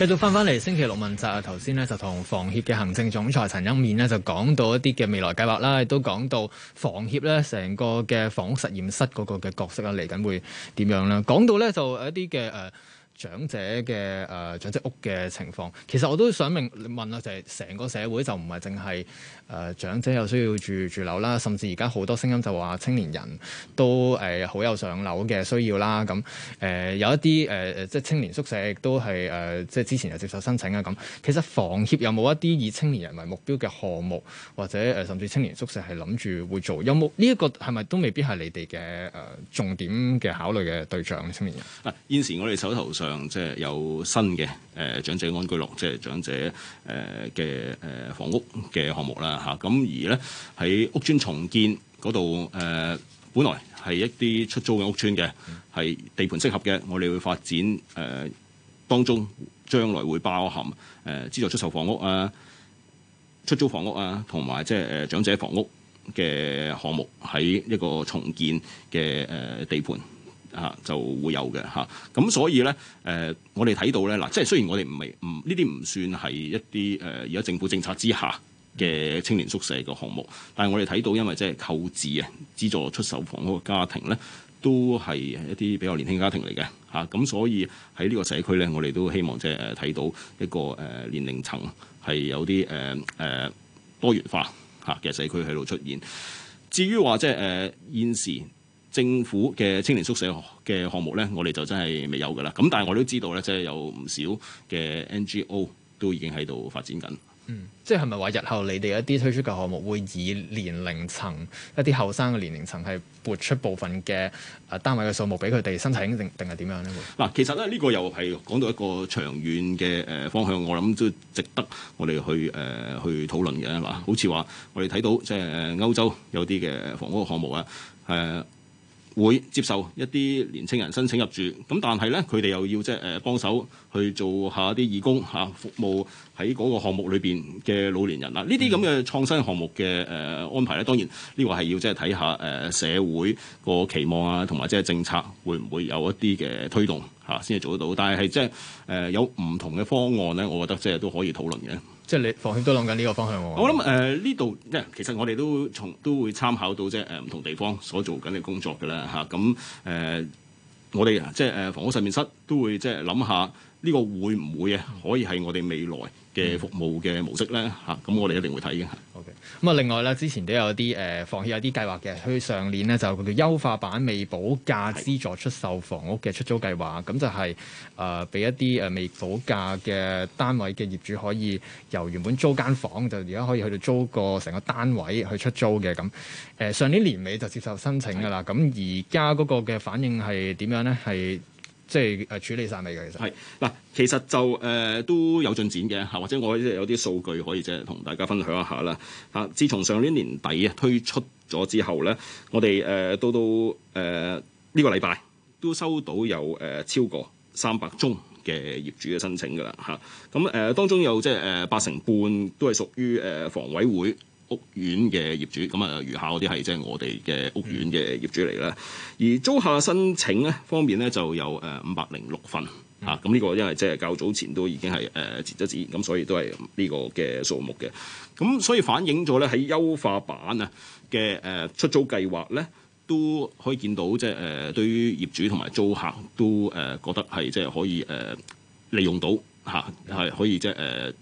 繼續翻翻嚟星期六問責啊！頭先咧就同房協嘅行政總裁陳欽勉咧就講到一啲嘅未來計劃啦，亦都講到房協咧成個嘅房屋實驗室嗰個嘅角色啊，嚟緊會點樣啦？講到咧就一啲嘅誒。呃長者嘅誒長者屋嘅情況，其實我都想問問啊，就係、是、成個社會就唔係淨係誒長者有需要住住樓啦，甚至而家好多聲音就話青年人都誒好、呃、有上樓嘅需要啦。咁誒、呃、有一啲誒、呃、即係青年宿舍亦都係誒即係之前有接受申請啊。咁其實房協有冇一啲以青年人為目標嘅項目，或者誒、呃、甚至青年宿舍係諗住會做？有冇呢一個係咪都未必係你哋嘅誒重點嘅考慮嘅對象？青年人嗱，現時、啊、我哋手頭上。即係有新嘅誒、呃、長者安居樂，即係長者誒嘅誒房屋嘅項目啦，嚇、啊。咁而咧喺屋邨重建嗰度誒，本來係一啲出租嘅屋邨嘅，係地盤適合嘅，我哋會發展誒、呃、當中，將來會包含誒、呃、資助出售房屋啊、出租房屋啊，同埋即係誒長者房屋嘅項目喺一個重建嘅誒、呃、地盤，嚇、啊、就會有嘅嚇，咁、啊、所以咧，誒、呃、我哋睇到咧，嗱，即係雖然我哋唔係唔呢啲唔算係一啲誒而家政府政策之下嘅青年宿舍嘅項目，但係我哋睇到，因為即係購置啊，資助出售房屋嘅家庭咧，都係一啲比較年輕家庭嚟嘅嚇，咁、啊啊、所以喺呢個社區咧，我哋都希望即係誒睇到一個誒年齡層係有啲誒誒多元化嚇嘅社區喺度出現。至於話即係誒現時，呃政府嘅青年宿舍嘅項目咧，我哋就真係未有嘅啦。咁但係我都知道咧，即係有唔少嘅 NGO 都已經喺度發展緊。嗯，即係係咪話日後你哋一啲推出嘅項目會以年齡層一啲後生嘅年齡層係撥出部分嘅誒單位嘅數目俾佢哋申請定定係點樣咧？嗱，其實咧呢個又係講到一個長遠嘅誒方向，我諗都值得我哋去誒去討論嘅，係嘛、嗯？好似話我哋睇到即係歐洲有啲嘅房屋項目啊，誒、呃。會接受一啲年青人申請入住，咁但係咧，佢哋又要即係誒幫手去做下啲義工嚇、啊，服務喺嗰個項目裏邊嘅老年人啊！呢啲咁嘅創新項目嘅誒、呃、安排咧，當然呢個係要即係睇下誒社會個期望啊，同埋即係政策會唔會有一啲嘅推動嚇，先、啊、至做得到。但係係即係誒有唔同嘅方案咧，我覺得即係都可以討論嘅。即係你房協都諗緊呢個方向喎。我諗誒呢度即係其實我哋都從都會參考到即係誒唔同地方所做緊嘅工作㗎啦嚇。咁、啊、誒、呃、我哋即係誒房屋實驗室都會即係諗下呢個會唔會啊可以係我哋未來嘅服務嘅模式咧嚇。咁、嗯啊、我哋一定會睇嘅。Okay. 咁啊，另外咧，之前都有啲誒、呃、房協有啲計劃嘅，佢的上年咧就佢叫優化版未補價資助出售房屋嘅出租計劃，咁的就係誒俾一啲誒未補價嘅單位嘅業主可以由原本租間房，就而家可以去到租個成個單位去出租嘅咁。誒、呃、上年年尾就接受申請噶啦，咁而家嗰個嘅反應係點樣咧？係。即係誒處理晒你嘅其實係嗱，其實就誒、呃、都有進展嘅嚇，或者我有啲數據可以即係同大家分享一下啦嚇、啊。自從上年年底啊推出咗之後咧，我哋誒、呃、到到誒呢個禮拜都收到有誒、呃、超過三百宗嘅業主嘅申請噶啦嚇。咁、啊、誒、呃、當中有即係誒八成半都係屬於誒、呃、房委會屋苑嘅業主，咁啊，餘下嗰啲係即係我哋嘅屋苑嘅業主嚟啦。而租客申請咧方面咧，就有誒五百零六份、嗯、啊。咁、這、呢個因為即係較早前都已經係誒截咗止，咁、呃、所以都係呢個嘅數目嘅。咁、啊、所以反映咗咧喺優化版啊嘅誒出租計劃咧，都可以見到即係誒對於業主同埋租客都誒、呃、覺得係即係可以誒、呃、利用到嚇，係、啊、可以即係誒。呃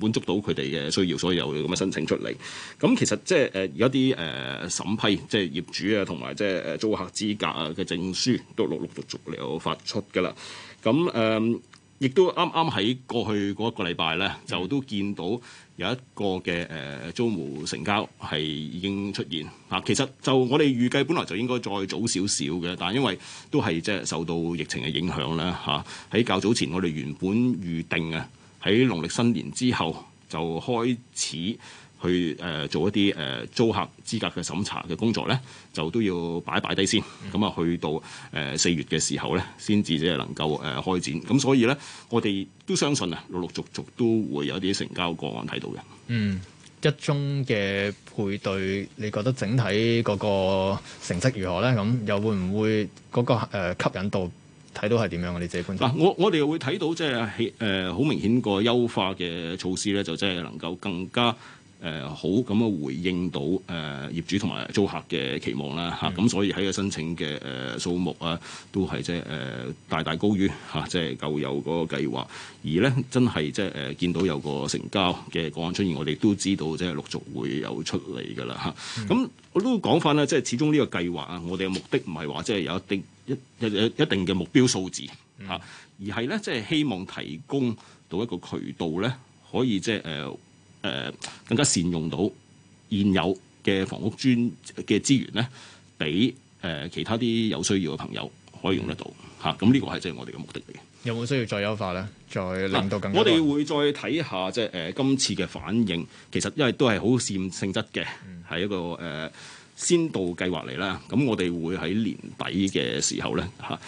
滿足到佢哋嘅需要，所以有咁嘅申請出嚟。咁其實即係誒，有一啲誒審批，即係業主啊，同埋即係誒租客資格啊嘅證書，都陸陸續續嚟有發出噶啦。咁、嗯、誒，亦都啱啱喺過去嗰一個禮拜咧，就都見到有一個嘅誒租務成交係已經出現啊。其實就我哋預計本來就應該再早少少嘅，但係因為都係即係受到疫情嘅影響啦，吓喺較早前我哋原本預定啊。喺農曆新年之後就開始去誒、呃、做一啲誒、呃、租客資格嘅審查嘅工作咧，就都要擺擺低先。咁啊、嗯，去到誒四、呃、月嘅時候咧，先至即係能夠誒、呃、開展。咁所以咧，我哋都相信啊，陸陸續續都會有啲成交個案睇到嘅。嗯，一中嘅配對，你覺得整體嗰個成績如何咧？咁又會唔會嗰個吸引到？睇到係點樣，我哋自己觀察嗱、啊，我我哋會睇到即係誒好明顯個優化嘅措施咧，就即係能夠更加誒、呃、好咁樣回應到誒、呃、業主同埋租客嘅期望啦嚇。咁、啊嗯、所以喺個申請嘅誒數目啊，都係即係誒大大高於嚇，即、啊、係、就是、舊有嗰個計劃。而咧真係即係誒見到有個成交嘅個案出現，我哋都知道即係陸續會有出嚟噶啦嚇。咁、啊嗯、我都講翻咧，即係始終呢個計劃啊，我哋嘅目的唔係話即係有一啲。一一一定嘅目標數字嚇，嗯、而係咧即係希望提供到一個渠道咧，可以即係誒誒更加善用到現有嘅房屋專嘅資源咧，俾誒其他啲有需要嘅朋友可以用得到嚇。咁呢、嗯啊、個係即係我哋嘅目的嚟嘅。有冇需要再優化咧？再令到更多、啊、我哋會再睇下即係誒今次嘅反應。其實因為都係好試驗性質嘅，係、嗯、一個誒。呃先導計劃嚟啦，咁我哋會喺年底嘅時候咧嚇，嗯、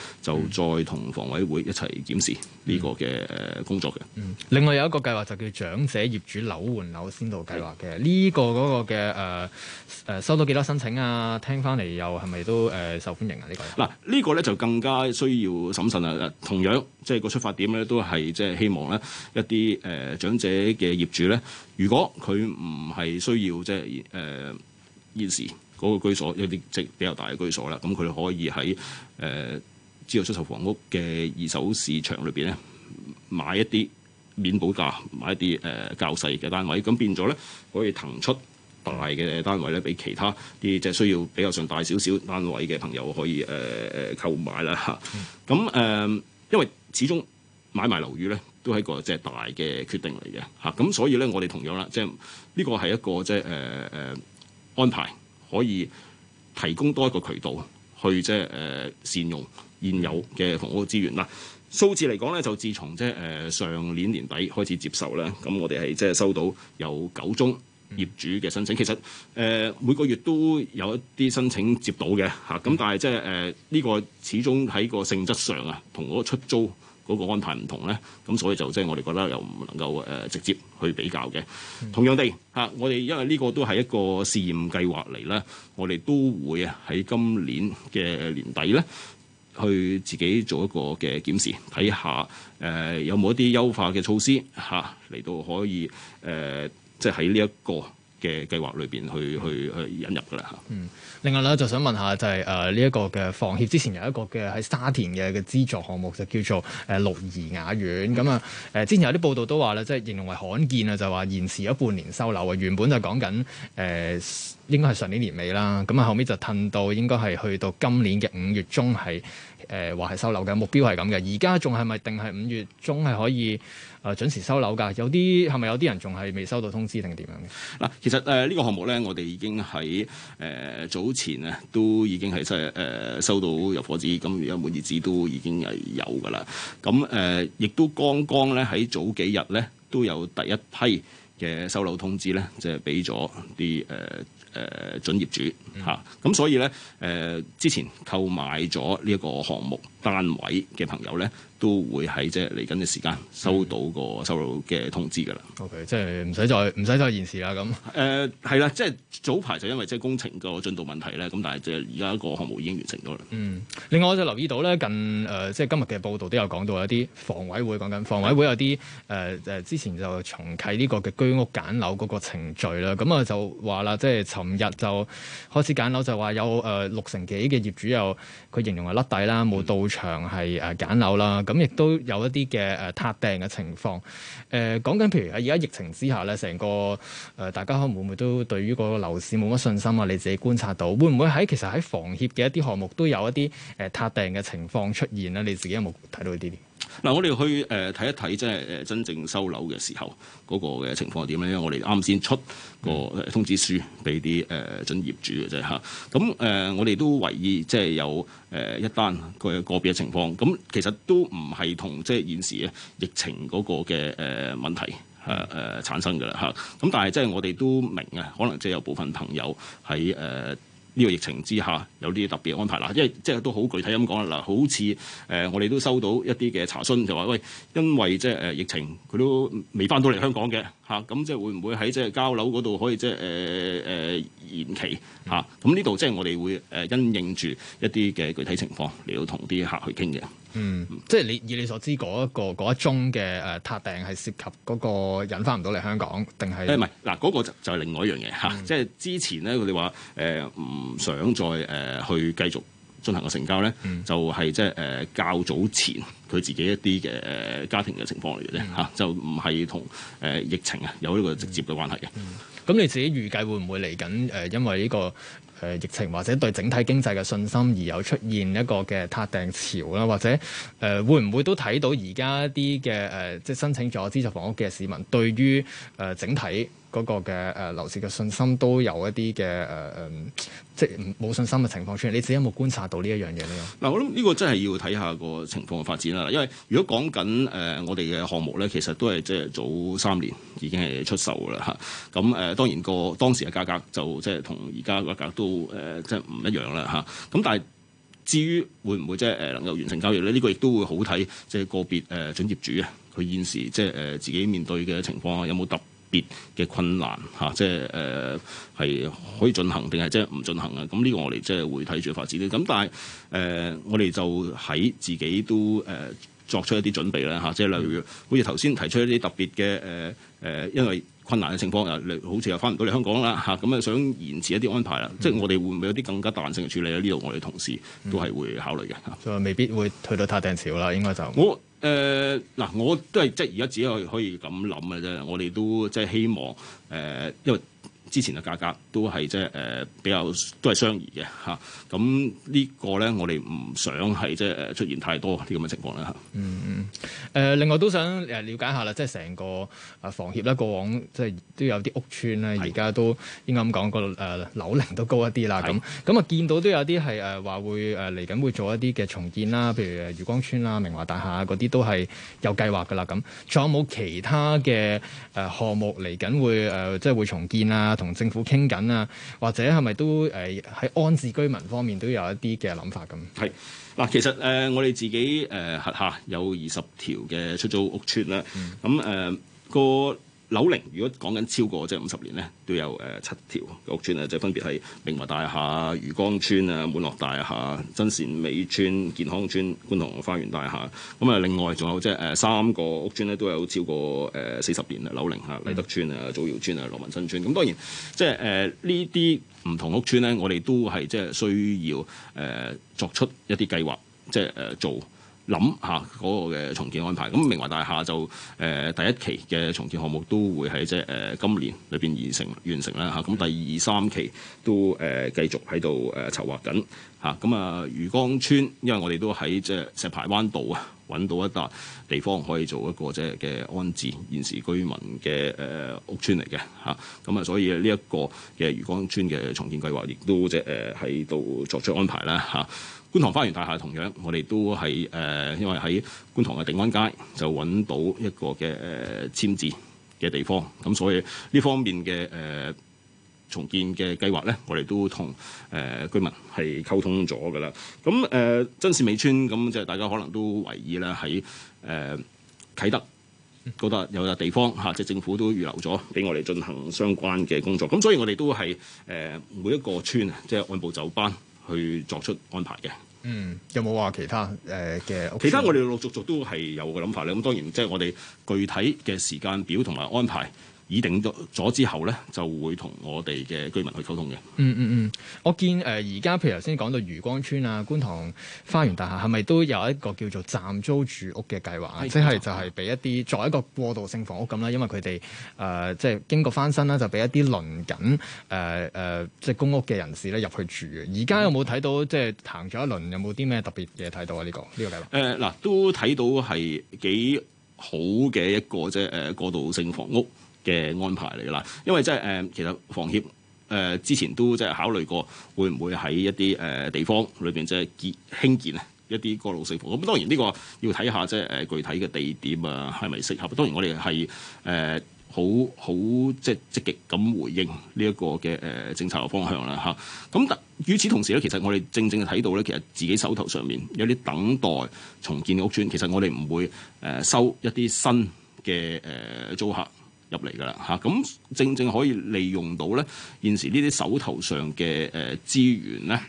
就再同房委會一齊檢視呢個嘅工作嘅。嗯，另外有一個計劃就叫長者業主樓換樓先導計劃嘅。呢是個嗰個嘅誒誒收到幾多申請啊？聽翻嚟又係咪都誒受歡迎啊？呢、呢個嗱呢、啊呢個咧就更加需要審慎啊。同樣即係個出發點咧，都係即係希望咧一啲誒長者嘅業主咧，如果佢唔係需要即係誒現時。嗰個居所一啲即比較大嘅居所啦，咁佢可以喺誒資助出售房屋嘅二手市場裏邊咧買一啲免補價買一啲誒、呃、較細嘅單位，咁變咗咧可以騰出大嘅單位咧俾其他啲即係需要比較上大少少單位嘅朋友可以誒誒、呃、購買啦嚇。咁、啊、誒、啊，因為始終買賣樓宇咧都係一個即係大嘅決定嚟嘅嚇，咁、啊、所以咧我哋同樣啦，即係呢個係一個即係誒誒安排。可以提供多一個渠道去即係誒善用現有嘅房屋資源啦。數字嚟講咧，就自從即係誒上年年底開始接受咧，咁我哋係即係收到有九宗業主嘅申請，其實誒、呃、每個月都有一啲申請接到嘅吓。咁但係即係誒呢個始終喺個性質上啊，同嗰出租。嗰個安排唔同咧，咁所以就即係我哋覺得又唔能夠誒、呃、直接去比較嘅。同樣地，嚇、啊、我哋因為呢個都係一個試驗計劃嚟咧，我哋都會喺今年嘅年底咧，去自己做一個嘅檢視，睇下誒有冇一啲優化嘅措施嚇嚟、啊、到可以誒，即係喺呢一個。嘅計劃裏邊去去去引入噶啦嚇。嗯，另外咧就想問下，就係誒呢一個嘅房協之前有一個嘅喺沙田嘅嘅資助項目，就叫做誒綠怡雅苑。咁啊誒之前有啲報道都話咧，即係形容為罕見啊，就話延遲咗半年收樓啊。原本就講緊誒應該係上年年尾啦，咁啊後尾就褪到應該係去到今年嘅五月中係誒話係收樓嘅目標係咁嘅。而家仲係咪定係五月中係可以？誒準時收樓㗎，有啲係咪有啲人仲係未收到通知定係點樣嘅？嗱，其實誒呢個項目咧，我哋已經喺誒、呃、早前咧，都已經係即係收到入伙紙，咁而家滿意紙都已經係有㗎啦。咁誒亦都剛剛咧喺早幾日咧，都有第一批嘅收樓通知咧，即係俾咗啲誒誒準業主。吓，咁、嗯啊、所以咧，誒、呃、之前購買咗呢一個項目單位嘅朋友咧，都會喺即係嚟緊嘅時間收到個收到嘅通知噶啦。O、okay, K，即係唔使再唔使再延時啦咁。誒係啦，即係早排就因為即係工程個進度問題咧，咁但係即係而家個項目已經完成咗啦。嗯，另外我就留意到咧，近誒、呃、即係今日嘅報道都有講到一啲房委會講緊房委會有啲誒誒之前就重啟呢個嘅居屋揀樓嗰個程序啦。咁啊就話啦，即係尋日就開。啲揀樓就話有誒六成幾嘅業主又佢形容係甩底啦，冇到場係誒揀樓啦，咁亦都有一啲嘅誒撻訂嘅情況。誒、呃、講緊譬如啊，而家疫情之下咧，成個誒、呃、大家可能會唔會都對於個樓市冇乜信心啊？你自己觀察到會唔會喺其實喺房協嘅一啲項目都有一啲誒撻訂嘅情況出現咧？你自己有冇睇到啲啲？嗱，我哋去誒睇、呃、一睇，即係誒真正收樓嘅時候嗰、那個嘅情況係點咧？因為我哋啱先出個通知書俾啲誒準業主嘅啫嚇。咁、啊、誒、呃，我哋都維議即係有誒一單個個別嘅情況。咁其實都唔係同即係現時嘅疫情嗰個嘅誒問題誒誒、啊呃、產生嘅啦嚇。咁、啊、但係即係我哋都明啊，可能即係有部分朋友喺誒。呃呢個疫情之下有啲特別安排啦，因為即係都好具體咁講啦。嗱，好似誒我哋都收到一啲嘅查詢，就話喂，因為即係誒疫情佢都未翻到嚟香港嘅嚇，咁即係會唔會喺即係交樓嗰度可以即係誒誒延期嚇？咁呢度即係我哋會誒因應住一啲嘅具體情況嚟到同啲客去傾嘅。嗯，即係你以你所知嗰一、嗰個嗰一宗嘅誒撻訂係涉及嗰個引返唔到嚟香港，定係誒唔係嗱，嗰個就就係另外一樣嘢吓，嗯、即係之前咧佢哋話誒唔想再誒、呃、去繼續進行個成交咧，嗯、就係即係誒較早前佢自己一啲嘅家庭嘅情況嚟嘅啫吓，就唔係同誒疫情啊有呢個直接嘅關係嘅、嗯。咁、嗯、你自己預計會唔會嚟緊誒？因為呢、呢個誒疫情或者對整體經濟嘅信心而有出現一個嘅撻訂潮啦，或者誒、呃、會唔會都睇到而家一啲嘅誒，即、呃、係申請咗資助房屋嘅市民對於誒、呃、整體嗰個嘅誒樓市嘅信心都有一啲嘅誒誒，即係冇信心嘅情況出現，你自己有冇觀察到呢一樣嘢咧？嗱、呃，我諗呢個真係要睇下個情況嘅發展啦。因為如果講緊誒、呃、我哋嘅項目咧，其實都係即係早三年已經係出售噶啦嚇。咁、啊、誒、啊、當然個當時嘅價格就即係同而家個價格都誒即係唔一樣啦嚇。咁、啊、但係至於會唔會即係誒能夠完成交易咧？呢、呢個亦都會好睇，即係個別誒、呃、準業主啊，佢現時即係誒自己面對嘅情況有冇特別。別嘅困難嚇、啊，即係誒係可以進行定係即係唔進行啊？咁呢個我哋即係會睇住發展咧。咁但係誒、呃，我哋就喺自己都誒、呃、作出一啲準備啦嚇、啊，即係例如好似頭先提出一啲特別嘅誒誒，因為困難嘅情況又好似又翻唔到嚟香港啦嚇，咁啊，啊想延遲一啲安排啦，嗯、即係我哋會唔會有啲更加彈性嘅處理咧？呢度我哋同事都係會考慮嘅嚇，就、嗯嗯啊、未必會退到太頂少啦，應該就。我誒，嗱、呃，我都係即係而家只可以可以咁諗嘅啫，我哋都即係希望誒、呃，因為。之前嘅價格都係即係誒比較都係相宜嘅嚇，咁、啊、呢個咧我哋唔想係即係誒出現太多啲咁嘅情況啦嚇。嗯嗯誒、呃，另外都想誒瞭解下啦，即係成個啊房協啦，過往即係都有啲屋邨咧，而家都應該咁講個誒樓齡都高一啲啦咁。咁啊的見到都有啲係誒話會誒嚟緊會做一啲嘅重建啦，譬如誒漁光村啦、明華大廈嗰啲都係有計劃噶啦咁。仲有冇其他嘅誒項目嚟緊會誒即係會重建啦？同政府傾緊啊，或者係咪都誒喺安置居民方面都有一啲嘅諗法咁？係嗱，其實誒、呃、我哋自己誒轄下、呃、有二十條嘅出租屋邨啦，咁誒、嗯嗯呃嗰個。樓齡如果講緊超過即係五十年咧，都有誒七條屋邨，啊，即係分別係明華大廈、漁光村、啊、滿樂大廈、真善美村、健康村、觀塘花園大廈。咁啊，另外仲有即係誒三個屋邨咧，都有超過誒四十年嘅樓齡嚇，利德村、啊、祖堯邨啊、羅文新村。咁當然即係誒呢啲唔同屋邨咧，我哋都係即係需要誒、呃、作出一啲計劃，即係誒、呃、做。諗嚇嗰個嘅重建安排，咁明華大廈就誒、呃、第一期嘅重建項目都會喺即係誒今年裏邊完成完成啦嚇，咁、啊、第二三期都誒、呃、繼續喺度誒籌劃緊嚇，咁啊漁、啊、光村，因為我哋都喺即係石排灣道啊揾到一笪地方可以做一個即係嘅安置現時居民嘅誒、呃、屋村嚟嘅嚇，咁啊、啊所以呢一個嘅漁光村嘅重建計劃亦都即係誒喺度作出安排啦嚇。啊啊觀塘花園大廈同樣我，我哋都係誒，因為喺觀塘嘅定安街就揾到一個嘅、呃、簽字嘅地方，咁所以呢方面嘅誒、呃、重建嘅計劃咧，我哋都同誒、呃、居民係溝通咗噶啦。咁誒、呃，真善美村咁就大家可能都懷疑啦，喺誒、呃、啟德嗰度有笪地方嚇，即係政府都預留咗俾我哋進行相關嘅工作。咁所以我哋都係誒、呃、每一個村即係、就是、按部就班。去作出安排嘅，嗯，有冇話其他誒嘅？其他我哋陸陸續續都係有個諗法咧。咁當然，即係我哋具體嘅時間表同埋安排。已定咗咗之後咧，就會同我哋嘅居民去溝通嘅。嗯嗯嗯，我見誒而家譬如頭先講到漁光村啊、觀塘花園大廈，係咪都有一個叫做暫租住屋嘅計劃？即係、嗯、就係俾一啲作一個過渡性房屋咁啦。因為佢哋誒即係經過翻新啦，就俾一啲輪緊誒誒即係公屋嘅人士咧入去住。而家有冇睇到、嗯、即係行咗一輪有冇啲咩特別嘢睇到啊？呢、呢個呢、呢個計劃誒嗱、呃，都睇到係幾好嘅一個即係誒過渡性房屋嘅安排嚟噶啦，因為即係誒其實房協誒之前都即係考慮過會唔會喺一啲誒地方裏邊即係建興建啊一啲過路四房。咁當然呢個要睇下即係誒具體嘅地點啊，係咪適合？當然我哋係誒好好即係積極咁回應呢一個嘅誒政策嘅方向啦。吓，咁，但係與此同時咧，其實我哋正正睇到咧，其實自己手頭上面有啲等待重建嘅屋邨，其實我哋唔會誒收一啲新嘅誒租客。入嚟噶啦嚇，咁、啊、正正可以利用到咧現時呢啲手頭上嘅誒資源咧，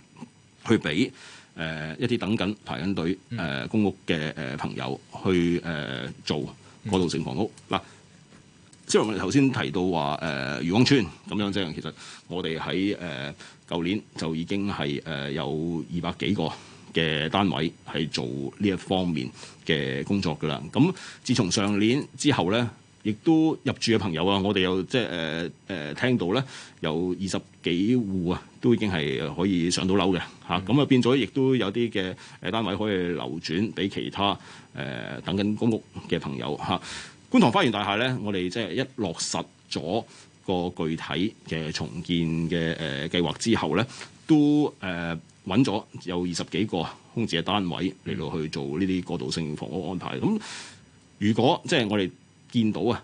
去俾誒、呃、一啲等緊排緊隊誒、呃、公屋嘅誒朋友去誒、呃、做過渡性房屋嗱。即係我哋頭先提到話誒漁翁村咁樣啫，嗯、其實我哋喺誒舊年就已經係誒、呃、有二百幾個嘅單位係做呢一方面嘅工作噶啦。咁、嗯、自從上年之後咧。亦都入住嘅朋友啊，我哋又即係誒誒聽到咧，有二十幾戶啊，都已經係可以上到樓嘅吓，咁啊，變咗亦都有啲嘅誒單位可以流轉俾其他誒、呃、等緊公屋嘅朋友吓、啊、觀塘花園大廈咧，我哋即係一落實咗個具體嘅重建嘅誒計劃之後咧，都誒揾咗有二十幾個空置嘅單位嚟到去做呢啲過渡性房屋安排。咁、啊嗯、如果即係、就是、我哋。見到啊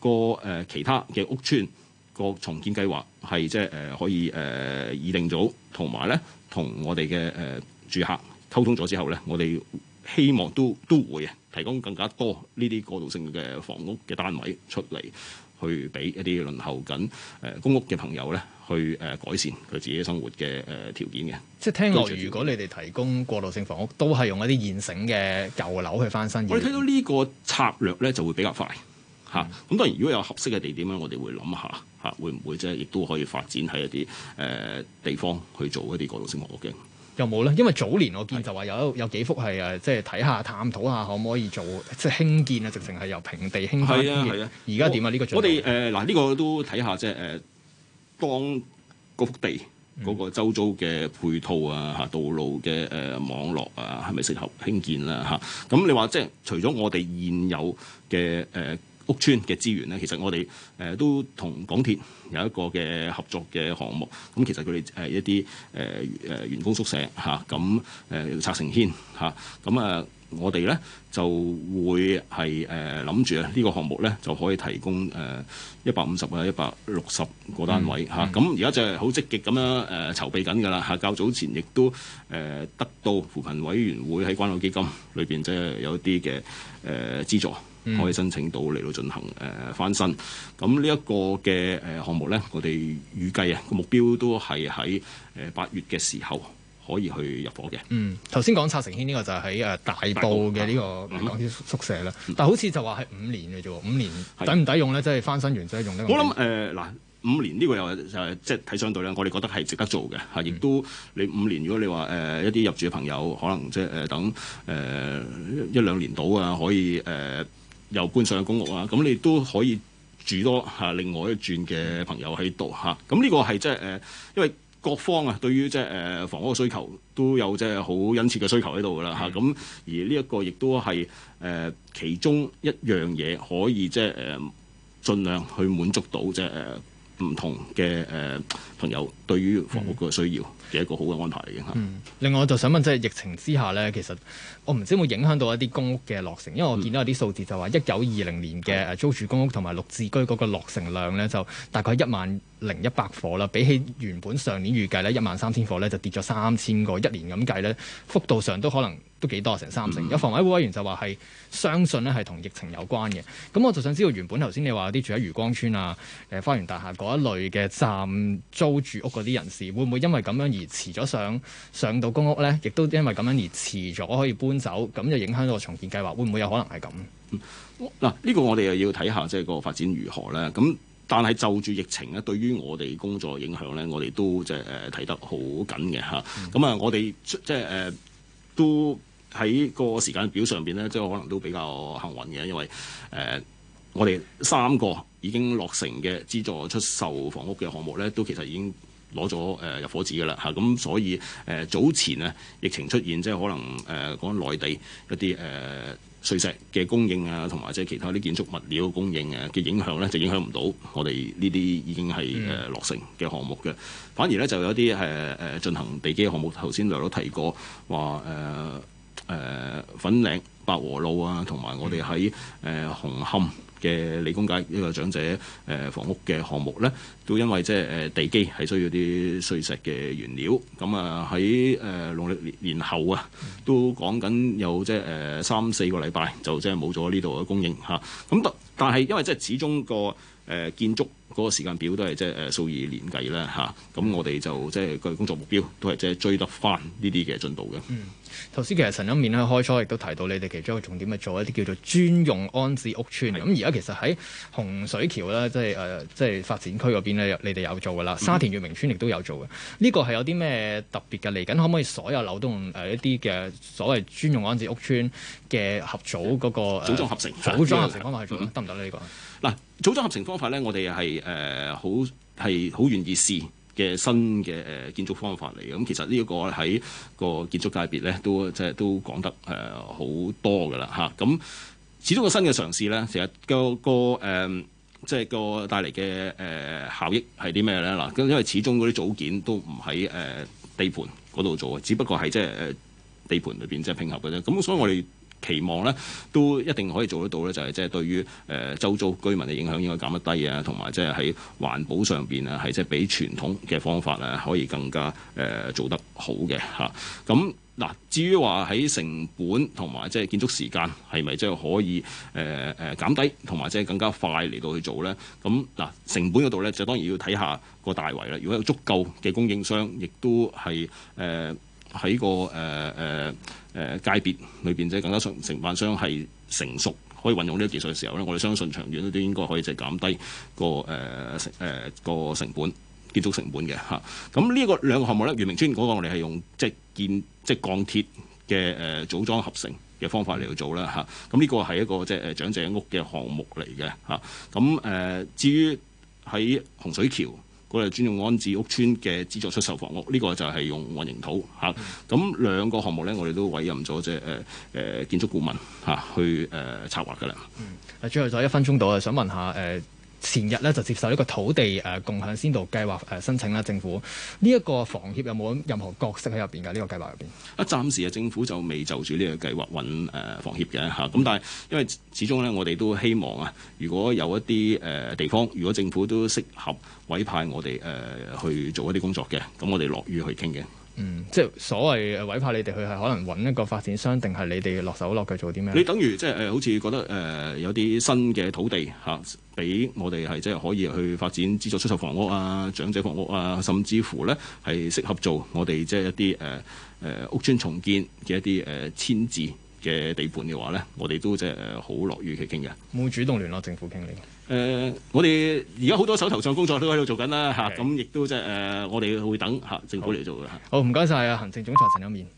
個誒其他嘅屋邨個重建計劃係，即係誒可以誒擬定咗，同埋咧，同我哋嘅誒住客溝通咗之後咧，我哋希望都都會啊提供更加多呢啲過渡性嘅房屋嘅單位出嚟，去俾一啲輪候緊誒公屋嘅朋友咧。去誒改善佢自己嘅生活嘅誒條件嘅，即係聽落。如果你哋提供過渡性房屋，都係用一啲現成嘅舊樓去翻新。我哋睇到呢個策略咧就會比較快嚇。咁、嗯、當然如果有合適嘅地點咧，我哋會諗下嚇，會唔會即係亦都可以發展喺一啲誒地方去做一啲過渡性房屋嘅？有冇咧？因為早年我見就話有有幾幅係誒，即係睇下、探討下可唔可以做即係興建啊，直情係由平地興建。係啊，係啊。而家點啊？呢、啊、我個我哋誒嗱，呢、呃這個都睇下即係誒。呃當嗰幅地嗰、嗰個周遭嘅配套啊、嚇道路嘅誒、呃、網絡啊，係咪適合興建啦、啊？嚇、啊、咁你話即係除咗我哋現有嘅誒、呃、屋邨嘅資源咧，其實我哋誒、呃、都同港鐵有一個嘅合作嘅項目。咁、嗯、其實佢哋誒一啲誒誒員工宿舍嚇，咁、啊、誒、啊呃、拆成遷嚇，咁啊。啊啊我哋呢就會係誒諗住啊，呢、呃、個項目呢，就可以提供誒一百五十或者一百六十個單位嚇。咁而家就係好積極咁樣誒籌備緊㗎啦嚇。較早前亦都誒、呃、得到扶貧委員會喺關愛基金裏邊即係有一啲嘅誒資助，可以申請到嚟到進行誒、呃、翻新。咁呢一個嘅誒項目呢，我哋預計啊個目標都係喺誒八月嘅時候。可以去入伙嘅、嗯嗯。嗯，頭先講拆成軒呢個就喺誒大埔嘅呢個港鐵宿舍啦。但係好似就話係五年嘅啫喎，五年抵唔抵用咧？即係翻新完之後用咧。我諗誒嗱，五年呢個又就係即係睇相對咧，我哋覺得係值得做嘅嚇。亦、啊、都你五年如果你話誒、呃、一啲入住嘅朋友可能即係誒等誒一兩年到啊，可以誒、呃、又搬上公屋啊，咁你都可以住多嚇、啊、另外一轉嘅朋友喺度嚇。咁、啊、呢、這個係即係誒，因為。各方啊，對於即係誒房屋嘅需求都有即係好殷切嘅需求喺度㗎啦吓，咁的而呢一個亦都係誒其中一樣嘢可以即係誒盡量去滿足到即係誒唔同嘅誒、呃、朋友對於房屋嘅需要。嘅一個好嘅安排。嗯，另外我就想問，即係疫情之下呢，其實我唔知會影響到一啲公屋嘅落成，因為我見到有啲數字就話，一九二零年嘅租住公屋同埋綠置居嗰個落成量呢，就大概一萬零一百伙啦。比起原本上年預計呢，一萬三千伙呢，就跌咗三千個，一年咁計呢，幅度上都可能都幾多成三成。有、嗯、房委會委員就話係相信呢係同疫情有關嘅。咁我就想知道，原本頭先你話啲住喺漁光村啊、花園大廈嗰一類嘅暫租住屋嗰啲人士，會唔會因為咁樣而遲咗上上到公屋呢，亦都因為咁樣而遲咗可以搬走，咁就影響到重建計劃，會唔會有可能係咁？嗱、嗯，呢、這個我哋又要睇下即係、就是、個發展如何咧。咁但係就住疫情呢，對於我哋工作影響呢，我哋都即係睇得好緊嘅嚇。咁啊、嗯，我哋即係誒都喺個時間表上邊呢，即、就、係、是、可能都比較幸運嘅，因為誒、呃、我哋三個已經落成嘅資助出售房屋嘅項目呢，都其實已經。攞咗誒入伙紙嘅啦嚇，咁、啊、所以誒、呃、早前咧疫情出現，即係可能誒講內地一啲誒、呃、碎石嘅供應啊，同埋即係其他啲建築物料供應誒嘅影響咧，就影響唔到我哋呢啲已經係誒、嗯呃、落成嘅項目嘅，反而咧就有一啲誒誒進行地基嘅項目，頭先來都提過話誒誒粉嶺百和路啊，同埋我哋喺誒紅磡嘅理工街呢個長者誒、呃、房屋嘅項目咧，都因為即係誒地基係需要啲碎石嘅原料，咁啊喺誒農曆年後啊，都講緊有即係誒三四個禮拜就即係冇咗呢度嘅供應嚇。咁、啊、但但係因為即係始終、那個誒、呃、建築嗰個時間表都係即係誒數以年計啦嚇。咁、啊嗯、我哋就即係個工作目標都係即係追得返呢啲嘅進度嘅。嗯頭先其實陳欽勉咧開初亦都提到，你哋其中一個重點係做一啲叫做專用安置屋邨。咁而家其實喺洪水橋咧，即係誒，即、呃、係、就是、發展區嗰邊咧，你哋有，有做㗎啦。沙田月明邨亦都有做嘅。呢、這個係有啲咩特別嘅嚟緊？可唔可以所有樓都用一啲嘅所謂專用安置屋邨嘅合組嗰、那個組裝合成、組裝合成方法去做得唔得呢？呢個嗱組裝合成方法咧，我哋係誒好係好願意試。嘅新嘅誒建築方法嚟嘅，咁其實呢一個喺個建築界別咧，都即係都講得誒、呃、好多嘅啦嚇。咁、啊、始終個新嘅嘗試咧，其實、個個、呃、即係個帶嚟嘅誒效益係啲咩咧？嗱，咁因為始終嗰啲組件都唔喺誒地盤嗰度做嘅，只不過係即係誒地盤裏邊即係拼合嘅啫。咁所以我哋，期望咧都一定可以做得到咧，就係即係對於誒、呃、周遭居民嘅影響應該減得低啊，同埋即係喺環保上邊啊，係即係比傳統嘅方法咧可以更加誒、呃、做得好嘅吓。咁、啊、嗱，至於話喺成本同埋即係建築時間，係咪即係可以誒誒減低，同埋即係更加快嚟到去做咧？咁嗱、呃，成本嗰度咧就當然要睇下個大圍啦。如果有足夠嘅供應商，亦都係誒。呃喺、這個誒誒誒界別裏邊，即係更加承辦商係成熟，可以運用呢個技術嘅時候咧，我哋相信長遠都應該可以即係減低個誒、呃、成誒、呃、成本，建築成本嘅嚇。咁、啊、呢個兩個項目咧，圓明村嗰個我哋係用即係、就是、建即係、就是、鋼鐵嘅誒、呃、組裝合成嘅方法嚟去做啦嚇。咁、啊、呢個係一個即係誒長者屋嘅項目嚟嘅嚇。咁、啊、誒、呃、至於喺洪水橋。佢哋專用安置屋邨嘅資助出售房屋，呢、呢個就係用混凝土嚇。咁、啊、兩個項目咧，我哋都委任咗隻誒誒建築顧問嚇、啊、去誒、呃、策劃噶啦。嗯，最後就一分鐘度啊，想問下誒。呃前日咧就接受呢個土地誒、呃、共享先導計劃誒、呃、申請啦，政府呢一、這個房協有冇任何角色喺入邊㗎？呢、這個計劃入邊啊，暫時啊政府就未就住呢個計劃揾誒房協嘅嚇。咁、啊、但係因為始終咧，我哋都希望啊，如果有一啲誒、呃、地方，如果政府都適合委派我哋誒、呃、去做一啲工作嘅，咁我哋樂於去傾嘅。嗯，即係所謂委派你哋去係可能揾一個發展商，定係你哋落手落腳做啲咩？你等於即係誒，好似覺得誒、呃、有啲新嘅土地嚇，俾、啊、我哋係即係可以去發展資助出售房屋啊、長者房屋啊，甚至乎咧係適合做我哋即係一啲誒誒屋邨重建嘅一啲誒遷置嘅地盤嘅話咧，我哋都即係好樂於其傾嘅。冇主動聯絡政府傾嚟。誒、呃，我哋而家好多手頭上工作都喺度做緊啦，嚇 Okay.、啊，咁亦都即係誒，我哋會等嚇政府嚟做啦。好，唔該晒啊，謝謝，行政總裁陳欽勉。